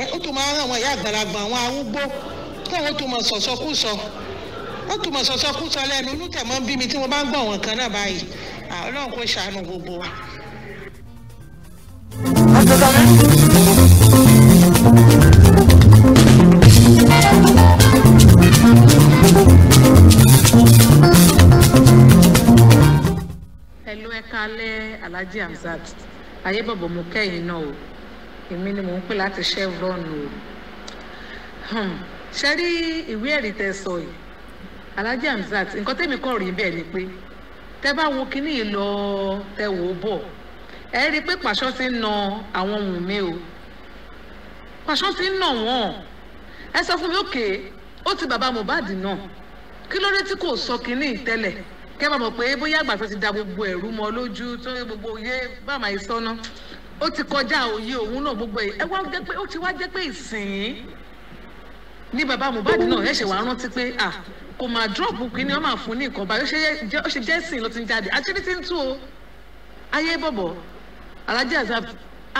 Speaker 7: ẹ ó tún máa ń ràn wọn ìyá àgbàlagbà àwọn arúgbó káwọn tó máa sọ̀sọ́kú sọ. So ó tún mọ̀ sọ̀sọ́ kú sọ lẹ́nu onítẹ̀mọ́ ń bí mi tí mo bá ń gbọ́ àwọn nǹkan náà báyìí ọlọ́run kò ṣàánú gbogbo wa.
Speaker 2: hello ẹ kálẹ́ alhaji hamzat
Speaker 8: ayé bọ̀bọ̀ mo kẹ́yìn náà o èmi ni mò ń pè láti chevron o hmm. ṣe rí ìwé ẹ̀rí tẹ́ sọ yìí alhaji amzat, nǹkan tẹ́mi kọ́ rí bẹ́ẹ̀ ni pé tẹ́ bá wo kinní yìí lọ tẹ́ wò ó bọ̀ ẹ rí i pé pàṣọ ti ń na àwọn ohun mi o pàṣọ ti ń nà wọ́n ẹ sọ fún mi òkè ó ti bàbá mohbad náà kí ló dé tí kò sọ kinní tẹ́lẹ̀ kẹ́ bá mọ̀ pé bóyá àgbà ti da gbogbo ẹ̀rú mọ́ lójú tó yẹ gbogbo òye bá máa sọ́nà ó ti kọjá òye òun náà gbogbo ẹ̀ wá jẹ́ pé ó ti wá jẹ́ pé ìsìn ní bàbá mohbad náà ẹ̀ ṣẹ̀ wá rántí pé ah kò máa drop kí ni wọ́n máa fún ní nǹkan báyìí ó ṣe jẹ́ sìn ló ti ń jáde àṣírí ti ń tú o ayé bọ̀bọ̀ alájà zaf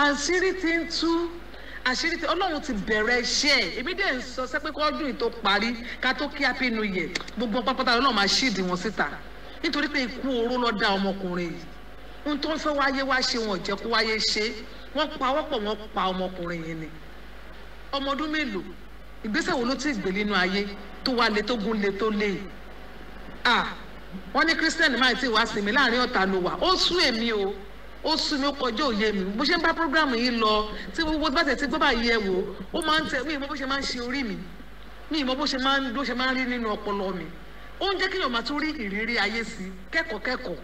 Speaker 8: àṣírí ti ń tú àṣírí ti ọlọ́run ti bẹ̀rẹ̀ iṣẹ́ ẹ̀ èmi dẹ̀ ń sọ sẹ́pẹ́ kí ọdún yìí tó parí ká tó kí happy new year gbogbo pápátá ọlọ́run máa ṣíìdì wọn síta nítorí pé ikú oró ló dá ọmọkùnrin yìí ohun tó ń fẹ́ wáyé wá ṣe wọn ò jẹ́ kó wáyé ṣe wọ́n pa wọ́pọ̀ wọ́n pa ọmọkùnrin yìí ni ọmọ mélòó ìgbésẹ̀ wo ló ti gbé nínú ayé tó wá le tó gún le tó le ah wọ́n ní Christian máa ti wá sí mi láàrin ọ̀tá ló wà ó sú èmi o ó sú mi ó kọjá òye mi bó ṣe ń bá programu yìí lọ tí gbogbo bá tẹ̀ tí gbọ́ báyìí ẹ wò ó máa ń tẹ mí ìmọ̀ bó ṣe máa ń ṣe orí mi mí ìmọ̀ bó ṣe máa ń ló ṣe máa ń rí nínú ọpọlọ mi ó ń jẹ́ kéèyàn máa tún rí ìrírí ayé sí kẹ́kọ̀ọ́ kẹ́kọ̀ọ́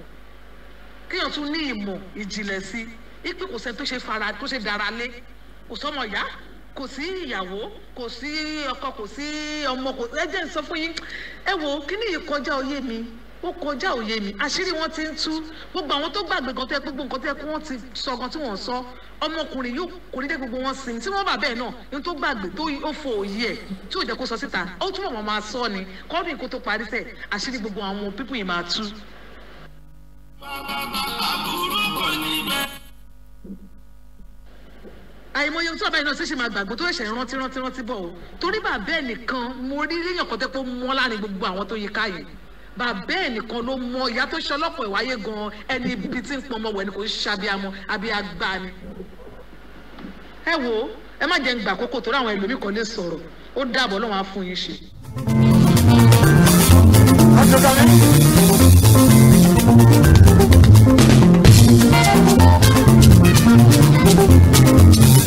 Speaker 8: kéèyàn tún ní ìmọ̀ ìjìnlẹ̀ sí ipò kò sẹ́ni tó ṣe fara tó ṣe dára lé kò sọ́mọ ìyá kò sí ìyàwó kò sí ọkọ kò sí ọmọ kò ẹ jẹ́ n sọ fún yín ẹ wò kíní yìí kọjá òye mi ó kọjá òye mi àṣírí wọn ti ń tú gbogbo àwọn tó gbàgbé gan tó yẹ gbogbo nǹkan tó yẹ kí wọ́n ti sọ gan tí wọ́n sọ ọmọkùnrin yóò kò ní dé gbogbo wọn sinmi tí wọ́n bà bẹ́ẹ̀ náà ní tó gbàgbé tó ó fọ òye ẹ̀ tí ò jẹ́ kó sọ síta ó túbọ̀ wọn máa sọ ni kọ́ọ̀dù kó parí sẹ̀ àṣírí gbogbo àwọn pípín yìí máa tú.
Speaker 2: bàbá bàbá burúkú ni
Speaker 8: àìmọye tí ọba iná ṣẹ̀ṣẹ̀ máa gbàgbọ́ tó ṣẹ̀ṣẹ̀ rántí rántí rántí bọ̀ o torí bàbá ẹ̀ nìkan mo rí léyìn ọ̀kọ́ tẹ́ pé láàrin gbogbo àwọn tó yí káyìí bàbá ẹ̀ nìkan ló mọ ìyá tó ṣe ọlọ́pàá ìwáyé gan ẹni ibi tí ń pọnmọ wẹ̀ ni kò ṣe abiyamọ abiyagba ni. ẹ wo ẹ má jẹ́ ń gbà àkókò torí àwọn ẹlòmíì lè sọ̀rọ̀
Speaker 2: ó dàbọ̀ lọ́wọ́ á fún yín ṣe. Thank you.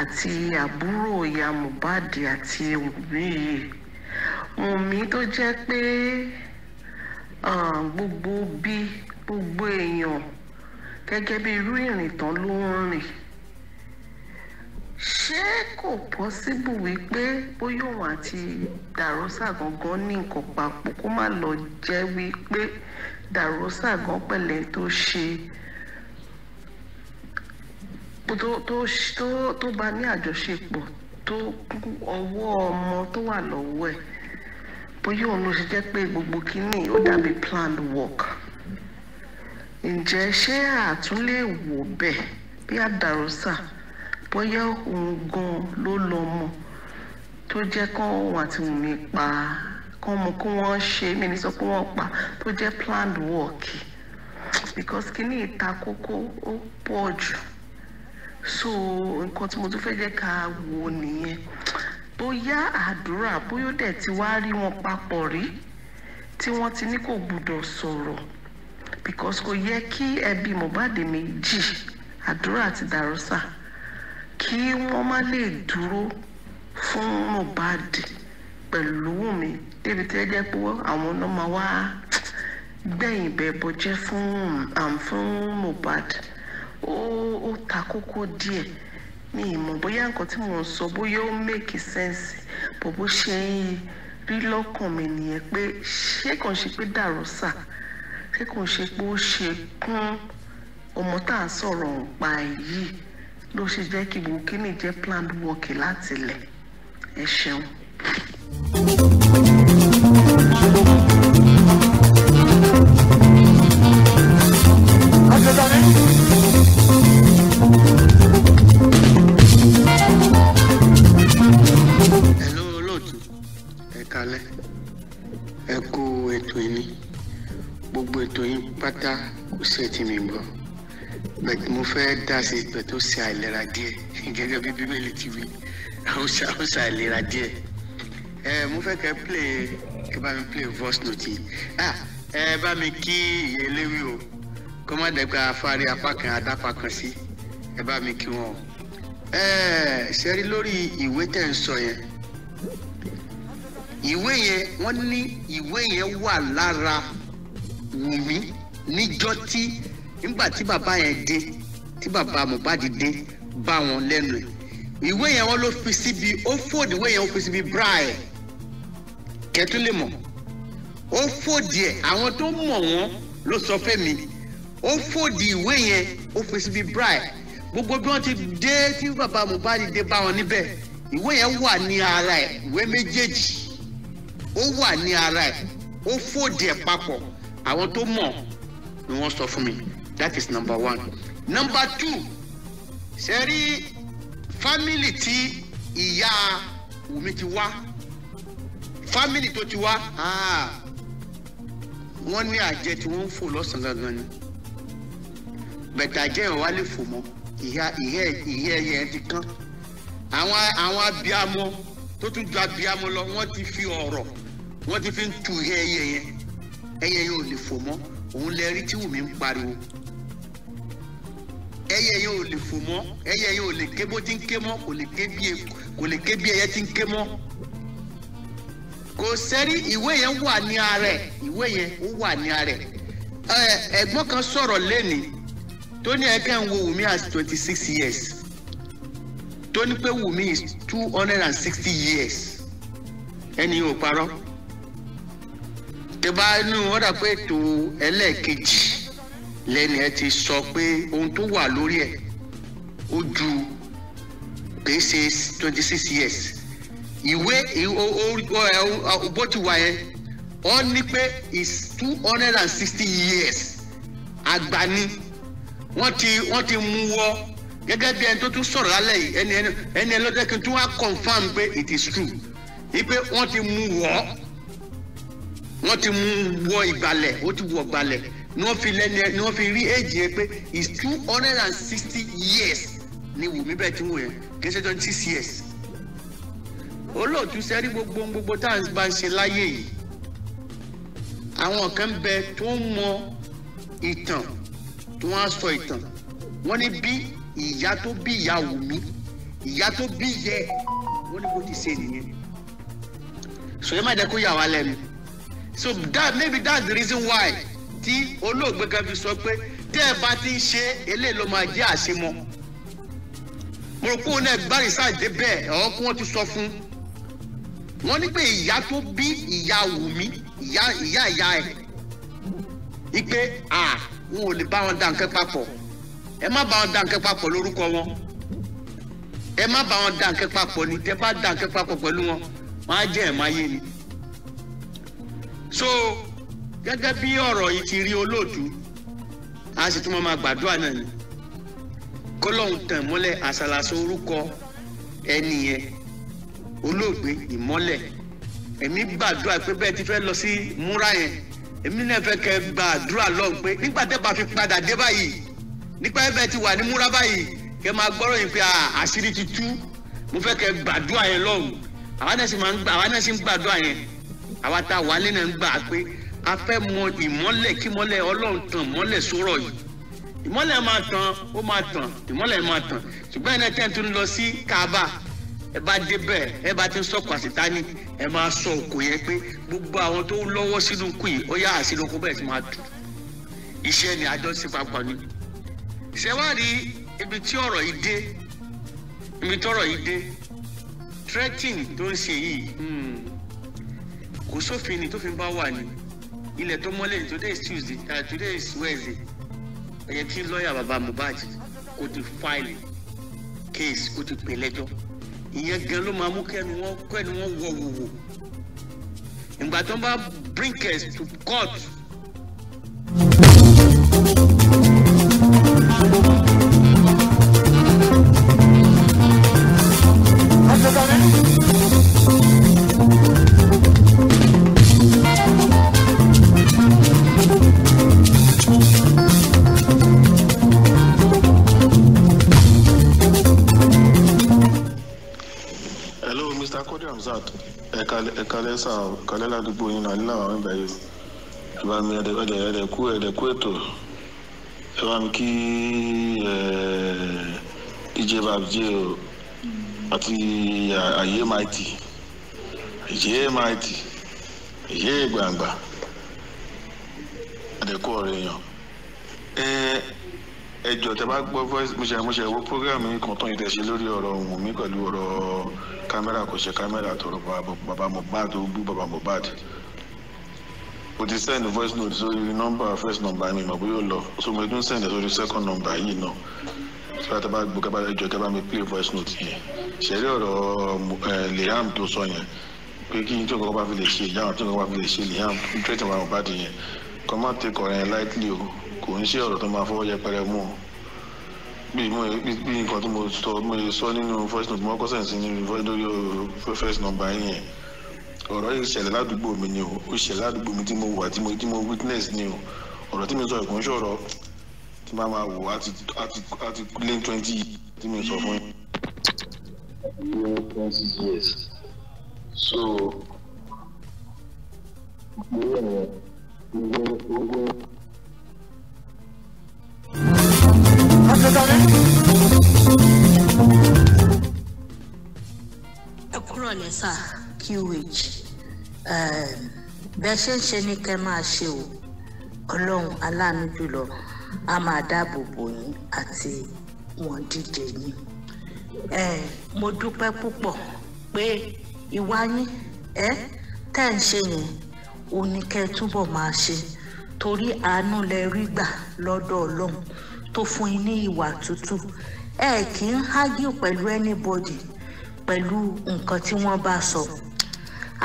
Speaker 9: àti àbúrò ìyá Mohbad àti Wùmí yìí Wùmí tó jẹ́ pé gbogbo bí gbogbo èèyàn gẹ́gẹ́ bí irú ìrìn tán ló ń rìn ṣé kò pọ́síbù wípé bóyá òun àti dàrósà gangan ní nǹkan papọ̀ kó má lọ jẹ́ wípé dàrósà gan pẹ̀lẹ́ tó ṣe tó tó tó tó bá ní àjọṣepọ̀ tó kú ọwọ́ ọmọ tó wà lọ́wọ́ ẹ̀ bóyá òun ló ṣe jẹ́ pé gbogbo kínní ó dàbí planned work ǹjẹ́ ṣé àtúnlé wò bẹ́ẹ̀ bí àdàrọ́sà bóyá òun gan ló lọ́mọ tó jẹ́ kán òun àti Wùnmí pa kán mú kí wọ́n ṣe mí ní sọ pé wọ́n pa tó jẹ́ planned work because kínní ìta kókó ó pọ̀ jù so nǹkan tí mo tún fẹ́ jẹ́ ká wo nìyẹn bóyá àdúrà bóyá ó dẹ̀ ti wá rí wọn papọ̀ rí tí wọ́n ti ní kò gbúdọ̀ sọ̀rọ̀ because kò yẹ kí ẹbí Mohbad méjì àdúrà àti dàrúsà kí wọ́n má lè dúró fún Mohbad pẹ̀lú Wùmí débi tí ẹ jẹ́ pé àwọn náà máa gbẹ̀yìn bẹ́ẹ̀ bọ́jẹ́ um, fún Mohbad. Um, ó ta kókó díẹ̀ mi ì mọ̀ bóyá nǹkan tí mo sọ bóyá ó make sense bó bó ṣe ń rí lọ́kàn mi nìyẹn pé ṣé kàn ṣe pé dàrọ́sà ṣé kàn ṣe pé ó ṣe kún ọmọ tá à ń sọ̀rọ̀ nípa ló ṣe jẹ́ kí gbogbo kíní jẹ́ planned work láti lẹ̀ ẹ ṣeun.
Speaker 2: Thank you.
Speaker 3: ètò yìí ní gbogbo ètò yìí pátá kò sí ẹtì mi gbọ́ bẹ́ẹ̀ mo fẹ́ dá sí ìpẹ́ tó ṣe àìlera díẹ̀ gẹ́gẹ́ bí bíbélì ti wí àwọn ṣe àìlera díẹ̀ ẹ mo fẹ́ kẹ́ play kẹ́ bá mi play voice note yìí ah ẹ bá mi kí ìyá eléwì o kó má dẹ́gbẹ́ afárí apá kan adápa kan sí ẹ bá mi kí wọn o ẹ ṣẹ́rí lórí ìwé tẹ̀ ń sọ yẹn ìwé yẹn wọ́n ní ìwé yẹn wà lára Wùmí níjọ́ tí nígbà tí bàbá yẹn dé tí bàbá Mohbad dé bá wọn lẹ́nu ẹ̀ ìwé yẹn wọ́n ló fi síbi ó fòdì ìwé yẹn ó fi síbi bra ẹ̀ kẹ́tún lè mọ̀ ó fòdì ẹ̀ àwọn tó mọ̀ wọ́n ló sọ fẹ́ mi ó fòdì ìwé yẹn ó fi síbi bra gbogbo bí wọ́n ti dé tí bàbá Mohbad dé bá wọn níbẹ̀ ìwé yẹn wà ní ara ẹ̀ ìwé méjèèjì ó wà ní ara ẹ̀ ó fòdì ẹ̀ papọ̀ àwọn tó mọ̀ ni wọ́n sọ fún mi that is number one. number two ṣe rí fámìlì tí ìyá Wùmí ti wá fámìlì tó ti wá ah, wọ́n ní àjẹ tí wọ́n ń fò lọ́sàn-án gangan ni bẹ̀tà àjẹ yẹn wá lè fò mọ́ ìyá ìyá ìyá ẹyẹ ti kán àwọn àwọn abiamọ tó tún ju abiamọ lọ wọ́n ti fi ọ̀rọ̀ wọ́n ti fi ń tu iṣẹ́ ẹyẹ yẹn ẹyẹ yẹn ò lè fò mọ́ òun lẹ rí tí Wùmí ń pariwo ẹyẹ yẹn ò lè fò mọ́ ẹyẹ yẹn ò lè ké bó ti ń ké mọ́ kò lè ké bí e, kò lè ké bí ẹyẹ ti ń ké mọ́ kò sẹ́rí ìwé yẹn wà ní ara ìwé yẹn ó wà ní ara ẹ̀ ẹ̀gbọ́n kan sọ̀rọ̀ lẹ́ni tó ní ẹ̀kẹ́ ń wo Wùmí as twenty six years tó ní pé Wùmí is two hundred and sixty years ẹni yóò parọ́ tí bá nù wọ́n dà pé ètò ẹlẹ́ẹ̀kejì lẹ́ni ẹ ti sọ pé ohun tó wà lórí ẹ̀ ó ju kìí twenty six years ìwé bó ti wà yẹn ó ní pé is two hundred and sixty years agbani wọ́n ti wọ́n ti mú wọ́ gẹ́gẹ́ bí ẹni tó tún sọ̀rọ̀ lálẹ́ yìí ẹni ẹni ẹni ẹlọ́dẹ́kin tún wá confam pé it is true ní pé wọ́n ti mú wọ́ wọ́n ti mú wọ ìgbàlẹ̀ ó ti wọ ìgbàlẹ̀ ni wọ́n fi lẹ́ni ni wọ́n fi rí èjì yẹn pé it's two hundred and sixty years ni Wùmí bẹ́ẹ̀ ti wò yẹn kì í ṣe twenty six years olóòtú sẹ́rí gbogbo gbogbo tá à ń bá ń ṣe láyé yìí àwọn kan bẹ tó ń mọ ìtàn tó wọ́n á sọ ìtàn wọ́n ní bí ìyá tó bí ìyá Wùmí ìyá tó bí yẹ wọ́n ní bó ti ṣe nìyẹn sọ̀rọ̀ má jẹ́ kó yà wá lẹ́nu so that maybe that's the reason why tí olóògbé kan fi sọ pé tẹ́ ẹ bá ti ń ṣe eléyìí ló máa jẹ́ àṣemọ́ mo rò pé òun náà gbárí sáàdé bẹ́ẹ̀ ọ̀hún kí wọ́n ti sọ fún wọn ní pé ìyá tó bí ìyá Wùmí ìyá ìyá ìyá ẹ̀ ní pé à n ò lè bá wọn dá nǹkan papọ̀ ẹ má bá wọn dá nǹkan papọ̀ lórúkọ wọn ẹ má bá wọn dá nǹkan papọ̀ ní tẹ́ bá dá nǹkan papọ̀ pẹ̀lú wọn wọn jẹ́ ẹ̀ máa yé ni so gẹ́gẹ́ bí ọ̀rọ̀ yìí ti rí olóòtú a sì tún máa gbàdúrà náà ni kọ́lọ́hún tàn mọ́lẹ̀ àṣàlàṣọ orúkọ ẹni yẹn olóògbé ìmọ́lẹ̀ èmi gbàdúrà pé bẹ́ẹ̀ ti fẹ́ lọ sí múra yẹn èmi náà fẹ́ kẹ́ gbàdúrà lọ pé nígbà tẹ́ bá fi padà dé báyìí nígbà tẹ́ bẹ́ẹ̀ ti wà ní múra báyìí kẹ́ máa gbọ́rọ̀ yìí pé ah, àṣírí ti tú mo fẹ́ kẹ́ gbàdúrà yẹn lọ́hùn àwa náà sì ń gbàdúrà yẹn àwa tá a wà lẹ́nà ń gbà pé a fẹ́ mọ ìmọ́lẹ̀ kí mọ́lẹ̀ ọlọ́run tàn mọ́lẹ̀ sọ̀rọ̀ yìí ìmọ́lẹ̀ máa tàn ó máa tàn ìmọ́lẹ̀ máa tàn ṣùgbọ́n ẹ̀ náà tẹ́ ń tún lọ sí kaaba ẹ bá débẹ̀ ẹ bá ti ń sọ̀kọ̀ àṣetání ẹ máa sọ òkò yẹn pé gbogbo àwọn tó lọ́wọ́ sínú kù yìí ó yá àṣìlókun bẹ́ẹ̀ ti máa dùn iṣẹ́ ni àjọ ṣe papọ̀ ni ṣẹ́wádìí ibi tí ọ̀rọ̀ yìí dé ibi tí ọ̀rọ̀ yìí dé threatening tó ń ṣe yìí. Hmm kò sófin ni tófin bá wà ní ilẹ̀ tó mọ́lẹ̀ ní today is Tuesday uh, today is Wednesday ẹ̀yẹ tí lọ́ọ̀yà bàbá Mohbad kò ti fáìlì kéèsì kò ti pè lẹ́jọ́ ìyẹn gan ló máa mú kẹ́nu wọn kẹ́nu wọn wọ wòwò ìgbà tó ń bá bring us to court.
Speaker 4: ẹ̀kalẹ̀ sà ọ̀ kalẹ̀ ládùúgbò yín náà nínú àwọn ìgbà yìí ẹ bá mi ẹ̀dẹ̀ mi ije o àti àyè maiti maiti ẹjọ tẹ bá gbọ́ voice mo ṣe mo ṣe wo program yìí kan tán ìtẹ̀sí lórí ọ̀rọ̀ ohun mi pẹ̀lú ọ̀rọ̀ kámẹ́rà kò ṣe kámẹ́rà tọrọ bàbá Mohbad ó bú Mohbad mo ti send voice note sórí nọ́mbà first number mi mọ̀ bóyá ó lọ so mo tún send sórí second number yìí náà tí wàá tẹ bá gbọ́ kábàá ẹjọ tẹ bá mi play voice note yẹn ṣẹlẹ̀ ọ̀rọ̀ Liam tó sọ yẹn pé kí n tí òkòkò bá fi lè ṣe ìyá àwọn tí òkòkò bá fi lè ṣe Liam tó ń tẹ́tẹ̀ wà Mohbad yẹn kọ́ kọ̀ọ̀rẹ́ kò ń ṣe ọ̀rọ̀ tó máa fọwọ́ yẹpẹrẹ mú o bí bí nǹkan tó mo sọ mo sọ nínú first note mọ́kọ́ sẹ́ǹsì nínú lórí first number yẹn yẹn ọ̀rọ̀ yìí ṣẹlẹ̀ ládùúgbò mi ni o ó ṣẹlẹ̀ ládùúgbò mi tí mo wà tí mo tí mo witness ni o ọ̀rọ̀ tí mi sọ ìkún ṣọ̀rọ̀ tí máa máa wò á ti twenty tí mi sọ fún yín.
Speaker 2: years so ìgbéyàwó ìgbéyàwó
Speaker 10: ẹ kúrò lẹ́sà qh bẹ́ẹ̀ ṣe ń ṣe ní kẹ́ máa ṣe o ọlọ́run aláàánú jùlọ a máa dáàbò bò yín àti wọn díje yín um, mo dúpẹ́ púpọ̀ pé ìwà ẹ tẹ́ ń ṣe yẹn o ní kẹ́ túbọ̀ máa ṣe torí àánú lẹ rí gbà lọ́dọ̀ ọlọ́run tó fún yín ní ìwà tútù ẹ kì í hágìl pẹ̀lú anybody pẹ̀lú nǹkan tí wọ́n bá sọ.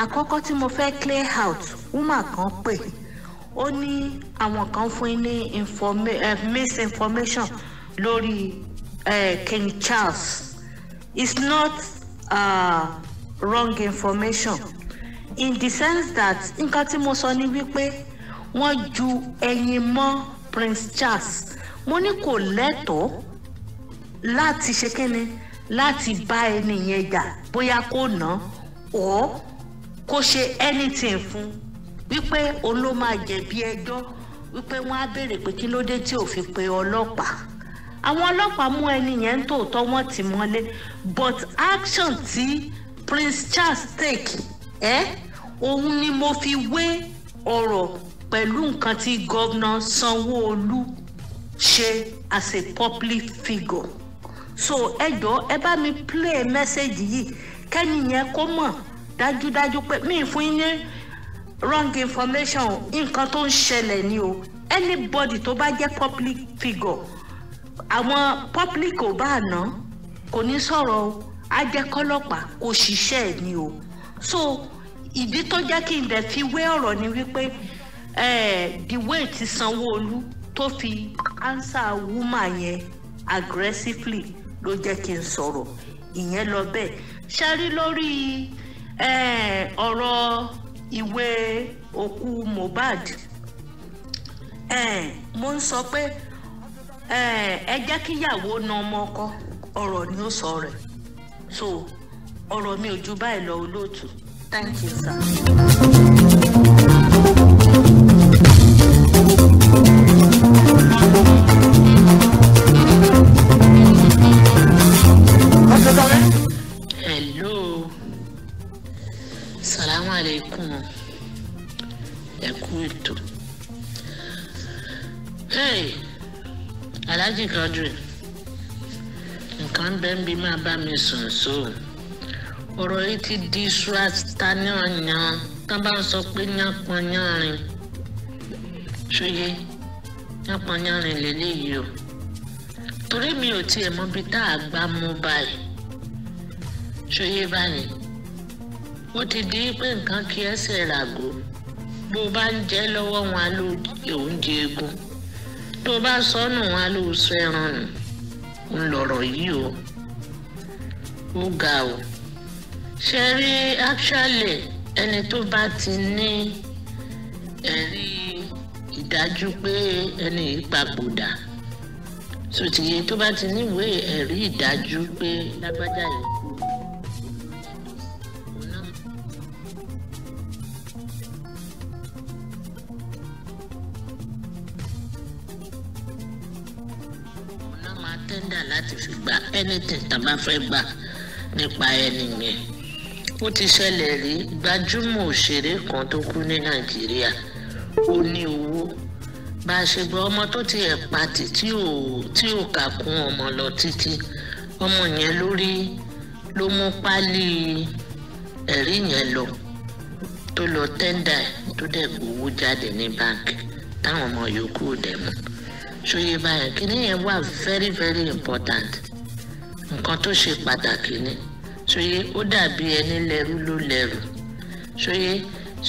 Speaker 10: àkọ́kọ́ tí mo fẹ́ clear out woman kan pè ó ní àwọn kan fún yín ní eh, misinformation lórí uh, King Charles it's not uh, wrong information in the sense that nǹkan tí mo sọ ni wípé wọ́n ju ẹyin mọ́ Prince Charles mo ní kò lẹ́tọ̀ọ́ láti ṣe kíni láti bá ẹni yẹn jà bóyá kó nà ọ́ kó ṣe anything fún wípé òun ló máa jẹ̀bi ẹjọ́ wípé wọ́n á béèrè pé kí ló dé tí ò fi pe ọlọ́pàá àwọn ọlọ́pàá mú ẹni yẹn ń tòótọ́ wọ́n ti mọ́lé but action tí Prince Charles take ẹ́ eh? òun ni mo fi wé ọ̀rọ̀ pẹ̀lú nǹkan tí gọ́vnà sanwó-olu ṣe as a public figure so ẹ jọ ẹ bá mi play message yìí kẹ́ni yẹn kó mọ̀ dájúdájú pé mi fún yín ní wrong information nǹkan tó ń ṣẹlẹ̀ ni o anybody tó bá jẹ́ public figure àwọn public ò bá ná kò ní sọ̀rọ̀ o ajẹ́kọ́lọ́pàá kò ṣiṣẹ́ ni o so ìdí tó jẹ́ kí n dẹ̀ fi wé ọ̀rọ̀ ni wípé way ti olu tó fi ansa woman yẹn aggressively ló jẹ́ kí n sọ̀rọ̀ ìyẹn lọ bẹ́ẹ̀ ṣárí lórí ọ̀rọ̀ ìwé òkú Mohbad mo ń sọ pé ẹ jẹ́ kíyàwó na ọmọ ọkọ ọ̀rọ̀ ni ó sọ rẹ̀ so ọ̀rọ̀ mi ò ju báyìí lọ olóòtú thank you sir. Alhaji Quadri nǹkan bẹ́ẹ̀ bí máa bá mi sùn so ọ̀rọ̀ yìí ti di iṣu àtàníyàn tó bá ń sọ pé yánpọnyánrin ṣóyé yánpọnyánrin lélẹ́yìí o torí mi ò tiẹ̀ mọ ibi tá a gbá mú báyìí ṣóyé báyìí ó ti di pé nǹkan kí ẹsẹ̀ ràgó bó bá ń jẹ́ lọ́wọ́ wọn ló oúnjẹ egun tó bá sọnù wọn ló sọ ẹran nù ń lọ̀rọ̀ yìí o ó ga o ṣe rí actually ẹni tó bá ti ní ẹ̀rí ìdájú pé ẹni yìí papòdà sòtìyẹ tó bá ti níwèé ẹ̀rí ìdájú pé lágbájá yìí gba anything tá a bá fẹ́ gbà nípa ẹni yẹn ó ti ṣẹlẹ̀ rí gbajúmọ̀ òṣèré kan tó kú ní nàìjíríà ó ní owó bá a ṣe gbọ́ ọmọ tó ti ẹ̀ pati tí ò tí ò kà kún ọmọ lọ títí ọmọ yẹn lórí ló mú pálí ẹ̀rí yẹn lọ tó lọ tẹ́ndà tó dẹ̀ gbowó jáde ní báńkì táwọn ọmọ yòókù dẹ̀ mọ́ ṣòye báyìí kí ni wà very very important nǹkan tó ṣe pàtàkì ni ṣòye ó dàbí ẹni lẹ́rú ló lẹ́rù ṣòye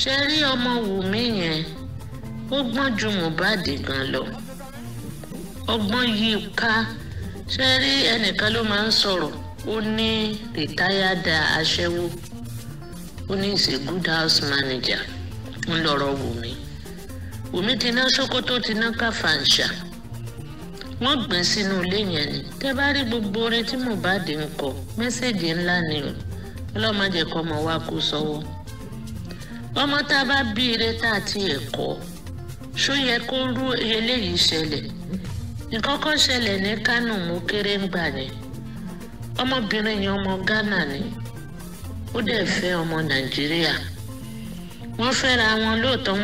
Speaker 10: ṣe rí ọmọ Wùmí yẹn ó gbọ́n ju Mohbad gan lọ ọgbọ́n yìí ká ṣe rí ẹnìkan ló máa ń sọ̀rọ̀ ó ní rìtáyàdà aṣẹ́wó ó ní is a good house manager ń lọ́rọ̀ Wùmí Wùmí ti ná ṣòkòtò ti ná káfàǹṣà wọ́n gbìn sínú ilé yẹn ni tẹ́ bá rí gbogbo orin tí Mohbad ń kọ mẹ́sẹ̀gì ńlá ni o ọlọ́mọdé kọ́ ọmọ wa kú sọ́wọ́ ọmọ tá a bá bí ire tá a ti ẹ̀kọ́ ṣó yẹ kó rú eléyìí ṣẹlẹ̀ nǹkan ṣẹlẹ̀ ní Kánò mú kéré ń gbà yẹn ọmọbìnrin yẹn ọmọ Ghana ni ó dẹ̀ fẹ́ ọmọ Nàìjíríà wọ́n fẹ́ra wọn lóòótọ́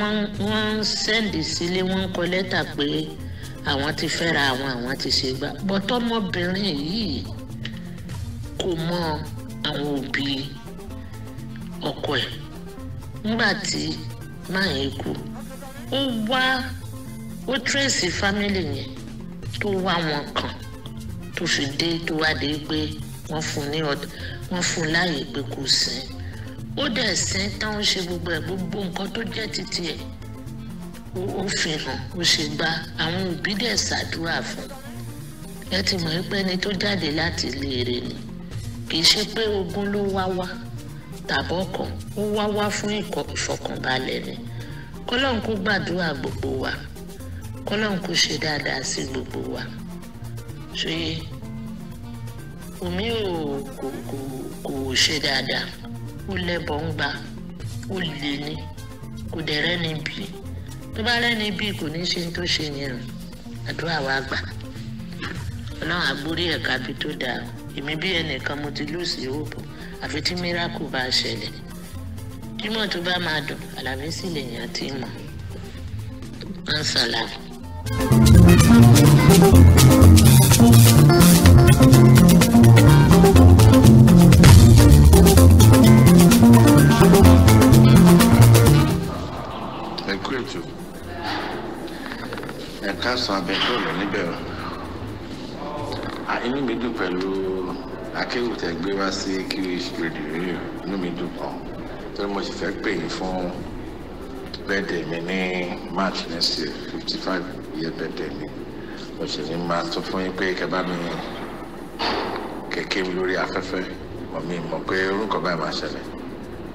Speaker 10: wọ́n ń sẹ́ǹdì sílé wọ́n ń kọ lẹ́tà pé àwọn ti fẹ́ra àwọn àwọn ti ṣe gbà bọ́tọ́mọbìnrin yìí kò mọ àwọn òbí ọkọ ẹ̀ nígbà tí máa yẹn kú ó wá ó tírèsì fámìlì yẹn tó wá wọn kàn tó fi dé tó wá dé pé wọ́n fún ní ọ̀dọ̀ wọ́n fún láàyè pé kò sìn ó dẹ̀ sìn táwọn ṣe gbogbo ẹ̀ gbogbo nǹkan tó jẹ́ títí ẹ̀ ó fi hàn ó ṣe gbá àwọn òbí dẹ̀ ṣàdúrà fún ẹ ti mọ̀ pé ẹni tó jáde láti ilé rẹ̀ ni kì í ṣe pé ogun ló wá wá tàbọ̀ kan ó wá wá fún ìfọkànbalẹ̀ ni kọ́lọ́n kó gbàdúrà gbogbo wa kọ́lọ́n kó ṣe dáadáa sí gbogbo wa ṣe omi ò kò kò kò ṣe dáadáa ó lẹ́bọ̀ ń gba ó lè ní kò dẹ̀rẹ́ níbi tó bá rẹ́ni bíi kò ní ṣe tó ṣe yẹn o àdúrà wa gbà ọlọ́run àgbórí ẹ̀ka bí tó dáa èmi bí ẹnìkan mo ti lùsì òòbù àfi tí miracle bá ṣẹlẹ̀ jímọ̀ tó bá máa dùn àlàmísì lèèyàn ti mọ̀ ń sàlà.
Speaker 9: ẹ kú ẹ káàsán
Speaker 4: abẹntóòlù níbẹ̀ o inú mi dùn pẹ̀lú akéwù tẹ gbé wá sí QH radio radio inú mi dùn kan torí mo sì fẹ́ pè yín fún bẹ́ẹ̀dẹ̀ mi ní march next year fifty five year bẹ́ẹ̀dẹ̀ mi mo sì ní máa tún fún yín pé kẹ́ bá mi kẹ̀kẹ́ mi lórí afẹ́fẹ́ mọ̀ mi mọ̀ pé orúkọ báyìí máa ṣẹlẹ̀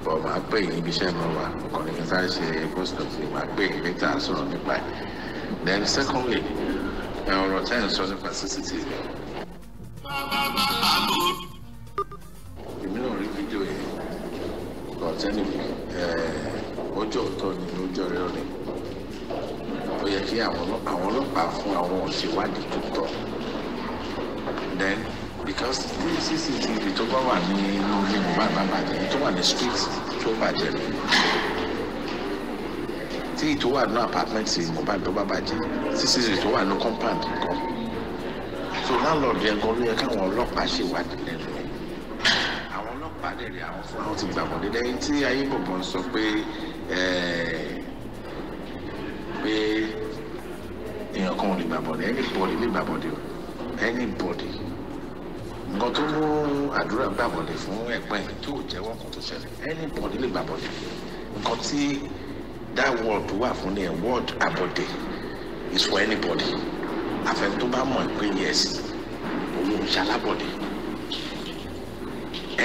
Speaker 4: bọ̀ máa pè yín ibi iṣẹ́ mi wà ọkùnrin mi sáré ṣe post of the máa pè yín níta sọ̀rọ̀ nípa ẹ̀ then secondly ọ̀rọ̀ tẹ́ ẹ̀ ń sọ nípa cctv. èmi náà rí fídíò yẹn kọ̀ọ̀tẹ́nì ojú ọ̀tọ̀ ni ojú ọ̀rẹ́ ọ̀rẹ́ ó yẹ kí àwọn ọlọ́pàá fún àwọn òṣèwádìí tó because
Speaker 3: cctv tó bá wà ní inú ilé Mohbad má bàjẹ́ tó wà ní street tó bàjẹ́ tí tó wà ní apartment Mohbad tó bá bàjẹ́ cctv tó wà ní compound kan so landlord yẹn gan ló yẹ káwọn ọlọ́pàá ṣèwádìí lẹ́nu àwọn ọlọ́pàá dẹ̀ rẹ̀ àwọn fúnra wọn ti gbà wọlé lẹ́yìn tí ayé bọ̀bọ̀ ń sọ pé eh, pé èèyàn kan ò lè gbàbọ̀dé anybody lè gbàbọ̀dé o anybody nǹkan tó mú àdúrà gbàbọ̀dé fún ẹ̀pẹ́ tó jẹ́wọ́ kan tó ṣẹlẹ̀ ẹni bọ̀dé lè gbàbọ̀dé nǹkan tí that word wà fún ni ẹ̀ word àbọ̀dé is for anybody àfẹn tó bá mọ̀ pé yes òun ń ṣalábọ̀dé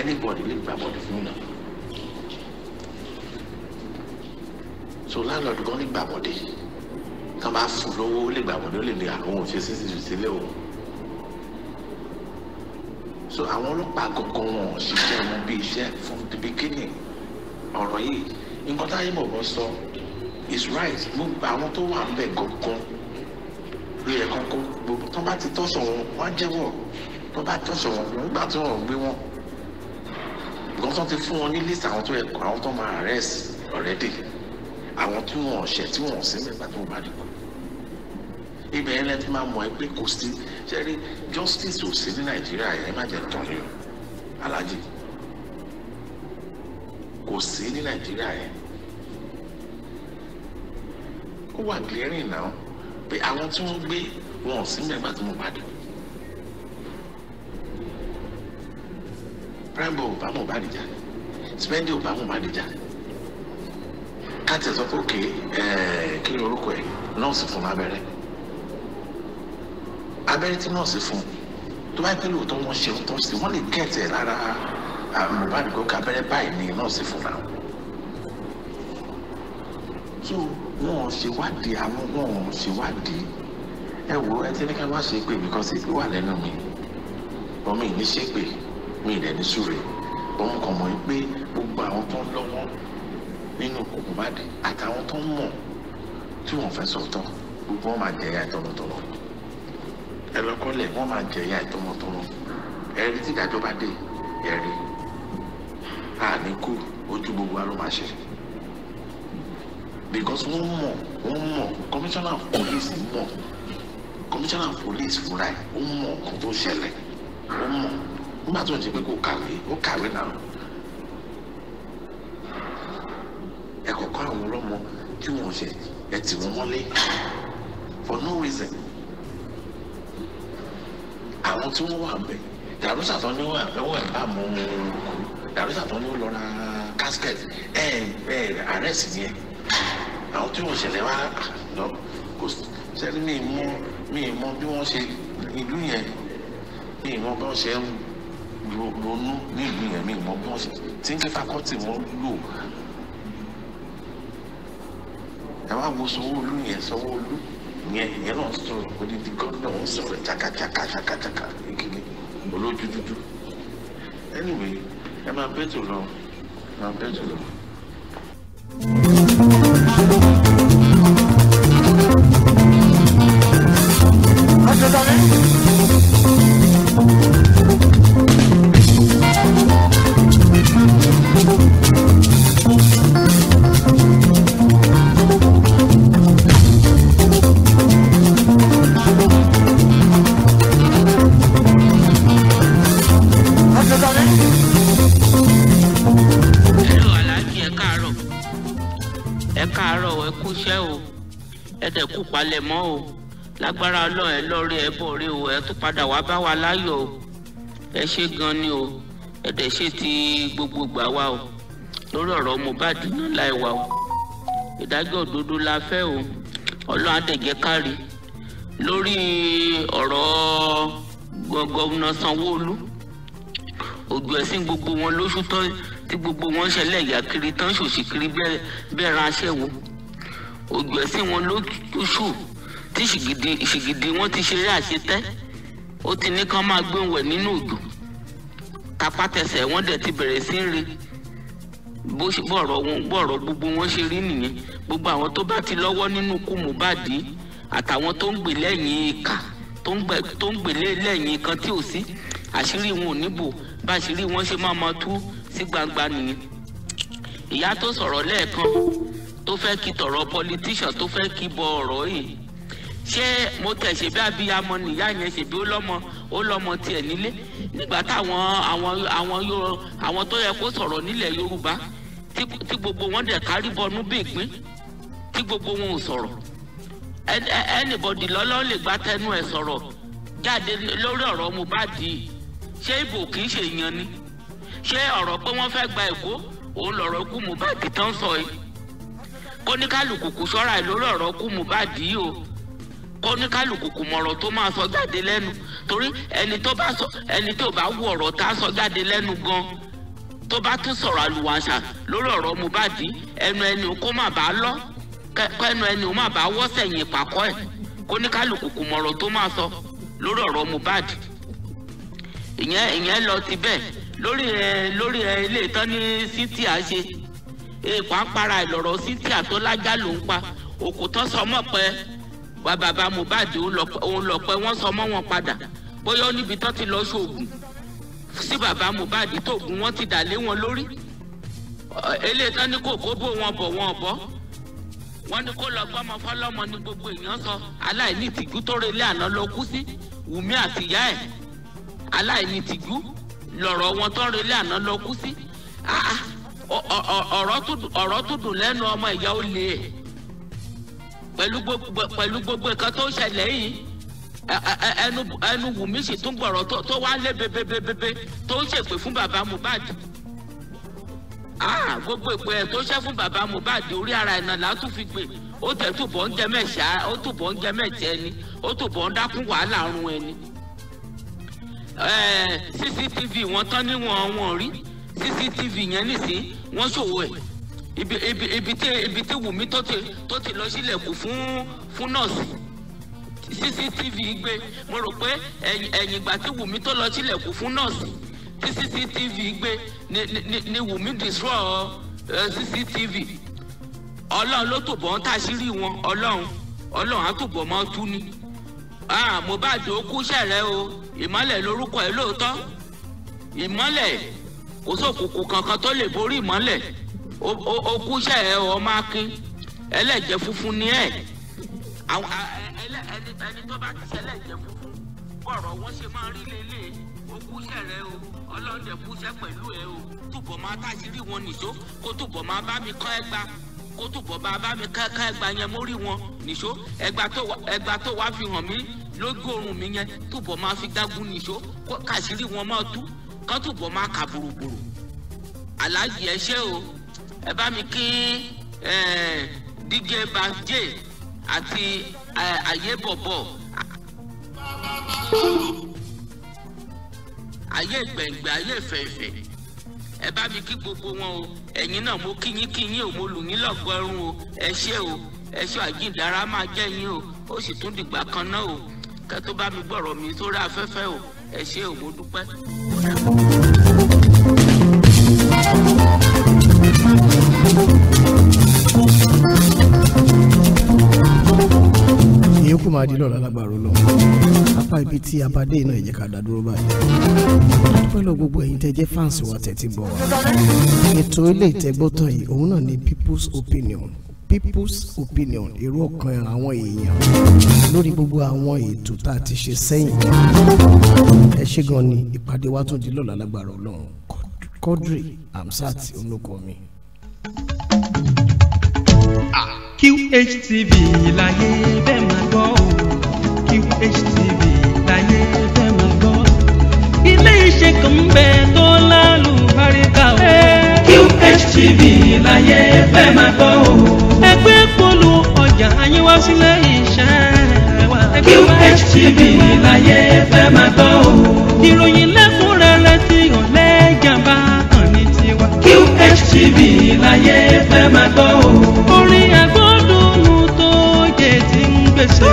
Speaker 3: anybody lè gbàbọ̀dé fún náà so landlord kan lè gbàbọ̀dé kan bá fún lówó lè gbàbọ̀dé ó lè ní àwọn òfin sísè sílẹ̀ òun so àwọn ọlọ́pàá kọ̀ọ̀kan wọn ò ṣiṣẹ́ wọn bí iṣẹ́ from the beginning ọ̀rọ̀ yìí nǹkan táyé bọ̀bọ̀ sọ is right gbogbo àwọn tó wà ń bẹ̀ kọ̀ọ̀kan ló yẹ kọ́kọ́ gbogbo tó bá ti tọ́sọ̀ wọn wọ́n á jẹ́wọ́ tó bá tọ́sọ̀ wọn nígbà tí wọ́n gbé wọn gbọ́n tó ti fún wọn ní list àwọn tó yẹ kọ́ àwọn tó máa arrest already àwọn tí wọ́n ṣẹ̀ tí wọ́n sí mẹ́gbà tó bá dìbò ibẹ̀ yẹn lẹ́tí máa mọ̀ ẹ́ pé kò sí ṣẹ́rí justice ò sí ní nàìjíríà yẹn má jẹ́ tán yìí o alájì kò sí ní nàìjíríà yẹn ó wà clearing now pé àwọn tí wọ́n gbé wọn ò sí mẹ́gbà tí mo pàdé Primeboy ò bá Mohbad jà Spendi ò bá Mohbad jà
Speaker 4: ká tẹ̀sán fún òkè kí ni orúkọ ẹ̀ nọ́ọ̀sì fún abẹ́rẹ́
Speaker 3: abẹ́rẹ́ tí nọ́ọ̀sì fún tó bá pẹ́ lóòótọ́ wọ́n ṣe ohun tó ń ṣe wọ́n lè kẹ́ẹ̀tẹ̀ lára Mohbad kó abẹ́rẹ́ báyìí ni nọ́ọ̀sì fún náà so wọn ò ṣèwádìí àwọn wọn ò ṣèwádìí ẹ wo ẹ tí ní ká má ṣe pé because èpè wà lẹ́nu mi ọmọ ìní ṣe pé mi ìdẹ̀ ní sùúrù òun kàn mọ̀ pé gbogbo àwọn tó ń lọ́wọ́ nínú kòkòbádì àtàwọn tó ń mọ̀ tí wọ́n fẹ́ sọ̀tọ̀ gbogbo wọn máa jẹ́ ẹ̀yà ìtọ́nutọ́nù ẹ lọ kọ́lẹ̀ wọ́n máa jẹ ìyá ìtọmọtọmọ ẹ̀rí tí ìdájọ́ bá dé ẹ̀rí àní kú ojú gbogbo wa ló máa ṣe because wọ́n mọ̀ wọ́n mọ̀ commissioner of police mọ̀ commissioner police fúnra ẹ̀ ó mọ̀ nǹkan tó ṣẹlẹ̀ ó mọ̀ nígbà tó ń ṣe pé kò kàwé ó kàwé náà ẹ kọ̀ọ̀kan àwọn ọlọ́mọ tí wọ́n ṣe ẹ tì wọ́n mọ́lé for no reason àwọn tí wọ́n wà ń bẹ̀ dàrúsà tó ní wà lọ́wọ́ ẹ̀ bá mú un dàrúsà tó ní lọ́ra casket ẹ̀ ẹ̀ arrest ni ẹ̀ àwọn tí wọ́n ṣẹlẹ̀ wá lọ kò sẹ́ni mi mọ
Speaker 4: mi mọ bí wọ́n ṣe ìlú yẹn mi mọ bí wọ́n ṣe ronú ní ìlú yẹn mi mọ bí wọ́n ṣe tí ń kí fakọ́tì wọn lò ẹ wá wo sanwó-olú yẹn sanwó-olú ìyẹn ìyẹn náà sọ̀rọ̀
Speaker 3: odidi gọ́ńdà ń sọ̀rọ̀ jákàjákàjákàjákà ìkíni olójú dúdú
Speaker 4: anyway ẹ máa bẹ́tò lọ máa bẹ́tò lọ.
Speaker 11: lágbára ọlọ́run ẹ lọ́ọ́ rí ẹ bọ̀ rí o ẹ tún padà wá bá wa láyọ̀ o ẹ ṣe gan ni o ẹ dẹ̀ ṣe ti gbogbo gbà wá o lórí ọ̀rọ̀ Mohbad náà láì wá o ìdájọ́ òdodo la fẹ́ o ọlọ́run àdẹ̀jẹ́ kárí lórí ọ̀rọ̀ gọ́gọ́nà Sanwó-Olú ògbó ẹ̀sìn gbogbo wọn lóṣù tán tí gbogbo wọn ṣẹlẹ̀ ìyà kiri tán ṣòṣì kiri bẹ́ẹ̀ bẹ́ẹ̀ ránṣẹ́ wo ògbó ẹ̀sìn wọn lóṣù tí ṣìgìdì ṣìgìdì wọn ti ṣeré àṣetẹ́ ó ti ní kán máa gbé wẹ̀ nínú odò tapátẹsẹ̀ wọn dẹ̀ ti bẹ̀rẹ̀ sí re bó ṣe bọ̀rọ̀ wọn bọ̀rọ̀ gbogbo wọn ṣe rí nìyẹn gbogbo àwọn tó bá ti lọ́wọ́ nínú ikú Mohbad àtàwọn tó ń gbè lẹ́yìn ìkà tó ń gbè lẹ́yìn kan tí ò sí àṣírí wọn ò níbò bá àṣírí wọn ṣe máa máa tú sí gbangba nìyẹn ìyá tó sọ̀rọ̀ lẹ́ẹ̀kan tó fẹ́ kí tọ̀rọ̀ politician tó fẹ́ kí bọ ọ̀rọ̀ yìí ṣé mo tẹ̀ ṣe bí abiyamọ nìyá yẹn ṣe bí ó lọ́mọ ó lọ́mọ tiẹ̀ nílé nígbà táwọn àwọn àwọn àwọn tó yẹ kó sọ̀rọ̀ nílẹ̀ Yorùbá tí gbogbo wọn dẹ̀ kárí bọnú bèèpín tí gbogbo wọn ò sọ̀rọ̀ anybody lọ́lọ́ lè gba tẹnu ẹ̀ sọ̀rọ̀ jáde lórí ọ̀rọ̀ Mohbad ṣé ibo kì í ṣe èèyàn ni ṣé ọ̀rọ̀ pé wọ́n fẹ́ gba Èkó òun lọ̀rọ̀ kú Mohbad tán sọ yìí kóníkàlùkù kò sọ́ra ẹ̀ lórí ọ̀rọ̀ kú Mohbad yìí o. oníkálukú kò mọ̀rọ̀ tó máa sọ jáde lẹ́nu torí ẹni tó bá sọ ẹni wù ọ̀rọ̀ tá sọ jáde lẹ́nu gan tó bá tún sọ̀rọ̀ àlùwàṣà lórí ọ̀rọ̀ Mohbad ẹnu ẹni kó má bàa lọ kẹnu ẹni ó má bàa wọ́ sẹ̀yìn pàkọ́ ẹ̀ kò mọ̀rọ̀ tó máa sọ lórí Mohbad ìyẹn ìyẹn lọ ti bẹ́ẹ̀ lórí ẹ lórí ẹ ilé ní ṣe èèpà ń wà bàbá Mohbad òun lọpẹ wọn sọ mọ́ wọn padà bóyá ó níbi tó ti lọ ṣoògùn sí bàbá Mohbad tóògùn wọn ti dà lé wọn lórí eléyìí tán ní kò kó bó wọn bọ̀ wọn bọ́ wọn ní kó lọ gbọ́mọ fọlọ́mọ ní gbogbo èèyàn sọ aláìní tìjú tó relé àná ló kú sí Wùmí àti ìyá ẹ̀ aláìní tìjú lọ̀rọ̀ wọn tó relé àná ló kú sí ọ̀rọ̀ tó dùn lẹ́nu ọmọ ìyá ó lé ẹ̀ pẹ̀lú gbogbo pẹ̀lú gbogbo nǹkan tó ń ṣẹlẹ̀ yìí ẹnu ẹnu Wùmí sì tún gbọ̀rọ̀ tó wá lé bebebebebe tó ń ṣèpè fún bàbá Mohbad ah gbogbo ìpè ẹ̀ tó ṣe fún bàbá Mohbad orí ara ẹ̀ náà látún fi gbè ó tẹ̀ túbọ̀ ń jẹ mẹ́ṣá ó túbọ̀ ń jẹ mẹ́tẹ́ ẹni ó túbọ̀ ń dákún wàhálà ọ̀run ẹni cctv wọn tán ní wọn wọn rí cctv yẹn nìsín wọn ṣòwò ẹ̀ ibi ibi ibi tí ibi tí Wùmí tó ti tó ti lọ sílẹ̀kùn fún fún nọ́ọ̀sì CCTV gbé mo rò pé ẹ̀yìn ìgbà tí Wùmí tó lọ sílẹ̀kùn fún nọ́ọ̀sì tí CCTV gbé ni ni ni Wùmí destroy eh, CCTV ọlọ́run ló tòbọ̀ ń tàṣírí wọn ọlọ́run ọlọ́run á tòbọ̀ mọ́ tú ni Mohbad ó kú ṣẹ̀rẹ́ o ìmọ́lẹ̀ lórúkọ ẹ̀ lóòótọ́ ìmọ́lẹ̀ kò sókùnkùn kankan tó lè borí ìmọ́lẹ̀ okúṣẹ́ ẹ ọmọ akin ẹlẹ́jẹ̀ funfun ni ẹ̀ àwọn
Speaker 2: ẹni tó bá
Speaker 11: ti ṣẹlẹ̀jẹ̀ funfun bọ̀rọ̀ wọ́n ṣe máa rí lélẹ̀ okúṣẹ́ rẹ o ọlọ́run lè kúṣẹ́ pẹ̀lú ẹ o túbọ̀ máa táṣírí wọn nìṣó kó túbọ̀ máa bá mi kọ́ ẹgbàá kó túbọ̀ bá bá mi káká ẹgbàá yẹn mórí wọn nìṣó ẹgbàá tó wá fi hàn mí lójú oorun mi yẹn túbọ̀ máa fi dágún nìṣó kàṣírí wọn máa tú kán túbọ̀ máa kà bùrùbùrù aláàjì ẹ ṣé o ẹ bá mi kí dj banjé àti ayébọ̀bọ̀ ayé gbẹ̀ngbẹ̀ ayé fẹ̀fẹ̀ ẹ bá mi kí gbogbo wọn o ẹ̀yin náà mo kí yín kí yín o mo lù yín lọ́gọ́rùn o ẹ ṣé o ẹ ṣé àjíǹdára máa jẹ́ yín o ó sì tún dìgbà kan náà o kẹ́ tó bá mi gbọ́rọ̀ mi sórí afẹ́fẹ́ o ẹ ṣé o mo dúpẹ́
Speaker 1: ìyókù máa di lọ́la lágbàrú lọ apá ibi tí abadé iná ìjẹ́ ká dá dúró báyìí dúpẹ́ gbogbo ẹ̀yin tẹ́ fáǹsì wa tẹ́tí bọ̀ wá ètò ilé ìtẹ́gbọ́tàn yìí òun náà ni people's opinion people's opinion èrò ọkàn àwọn èèyàn lórí gbogbo àwọn ètò tá a ti ṣe sẹ́yìn ẹ ṣé gan ni ìpàdé wa tún di lọ́la lágbàrú ọlọ́run Quadri Hamzat olóko mi. QHTV láyé bẹ́ẹ̀ máa gbọ́
Speaker 6: QHTV láyé bẹ́ẹ̀ máa gbọ́ ilé iṣẹ́ kan ń bẹ tó lálùbáríkà o. QHTV láyé bẹ́ẹ̀ máa gbọ́ o. ẹgbẹ́ polu ọjà àyínwá sílẹ̀ iṣẹ́ wa. QHTV láyé
Speaker 2: bẹ́ẹ̀ máa gbọ́ o.
Speaker 6: ìròyìn lẹ́kọ̀ọ́. síbi láyé fẹ́ máa gbọ́ o. orin agbódùnmù tó yẹ ti ń gbèsè.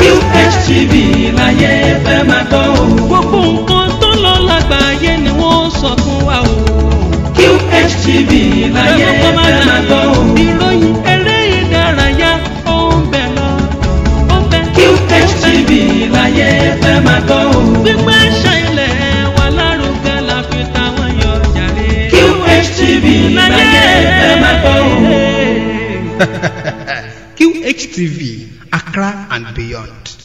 Speaker 6: QHTV láyé
Speaker 2: fẹ́ máa gbọ́ o.
Speaker 6: gbogbo nǹkan tó lọ lágbàáyé ni wọ́n sọ fún wa o. QHTV láyé fẹ́
Speaker 11: máa gbọ́ o. ìròyìn
Speaker 6: eré ìdárayá ó ń bẹ̀ lọ. ó bẹ̀ QHTV láyé
Speaker 2: fẹ́ máa gbọ́ o. gbígbẹ́ ṣàyẹ̀wò. QHTV, Accra and beyond.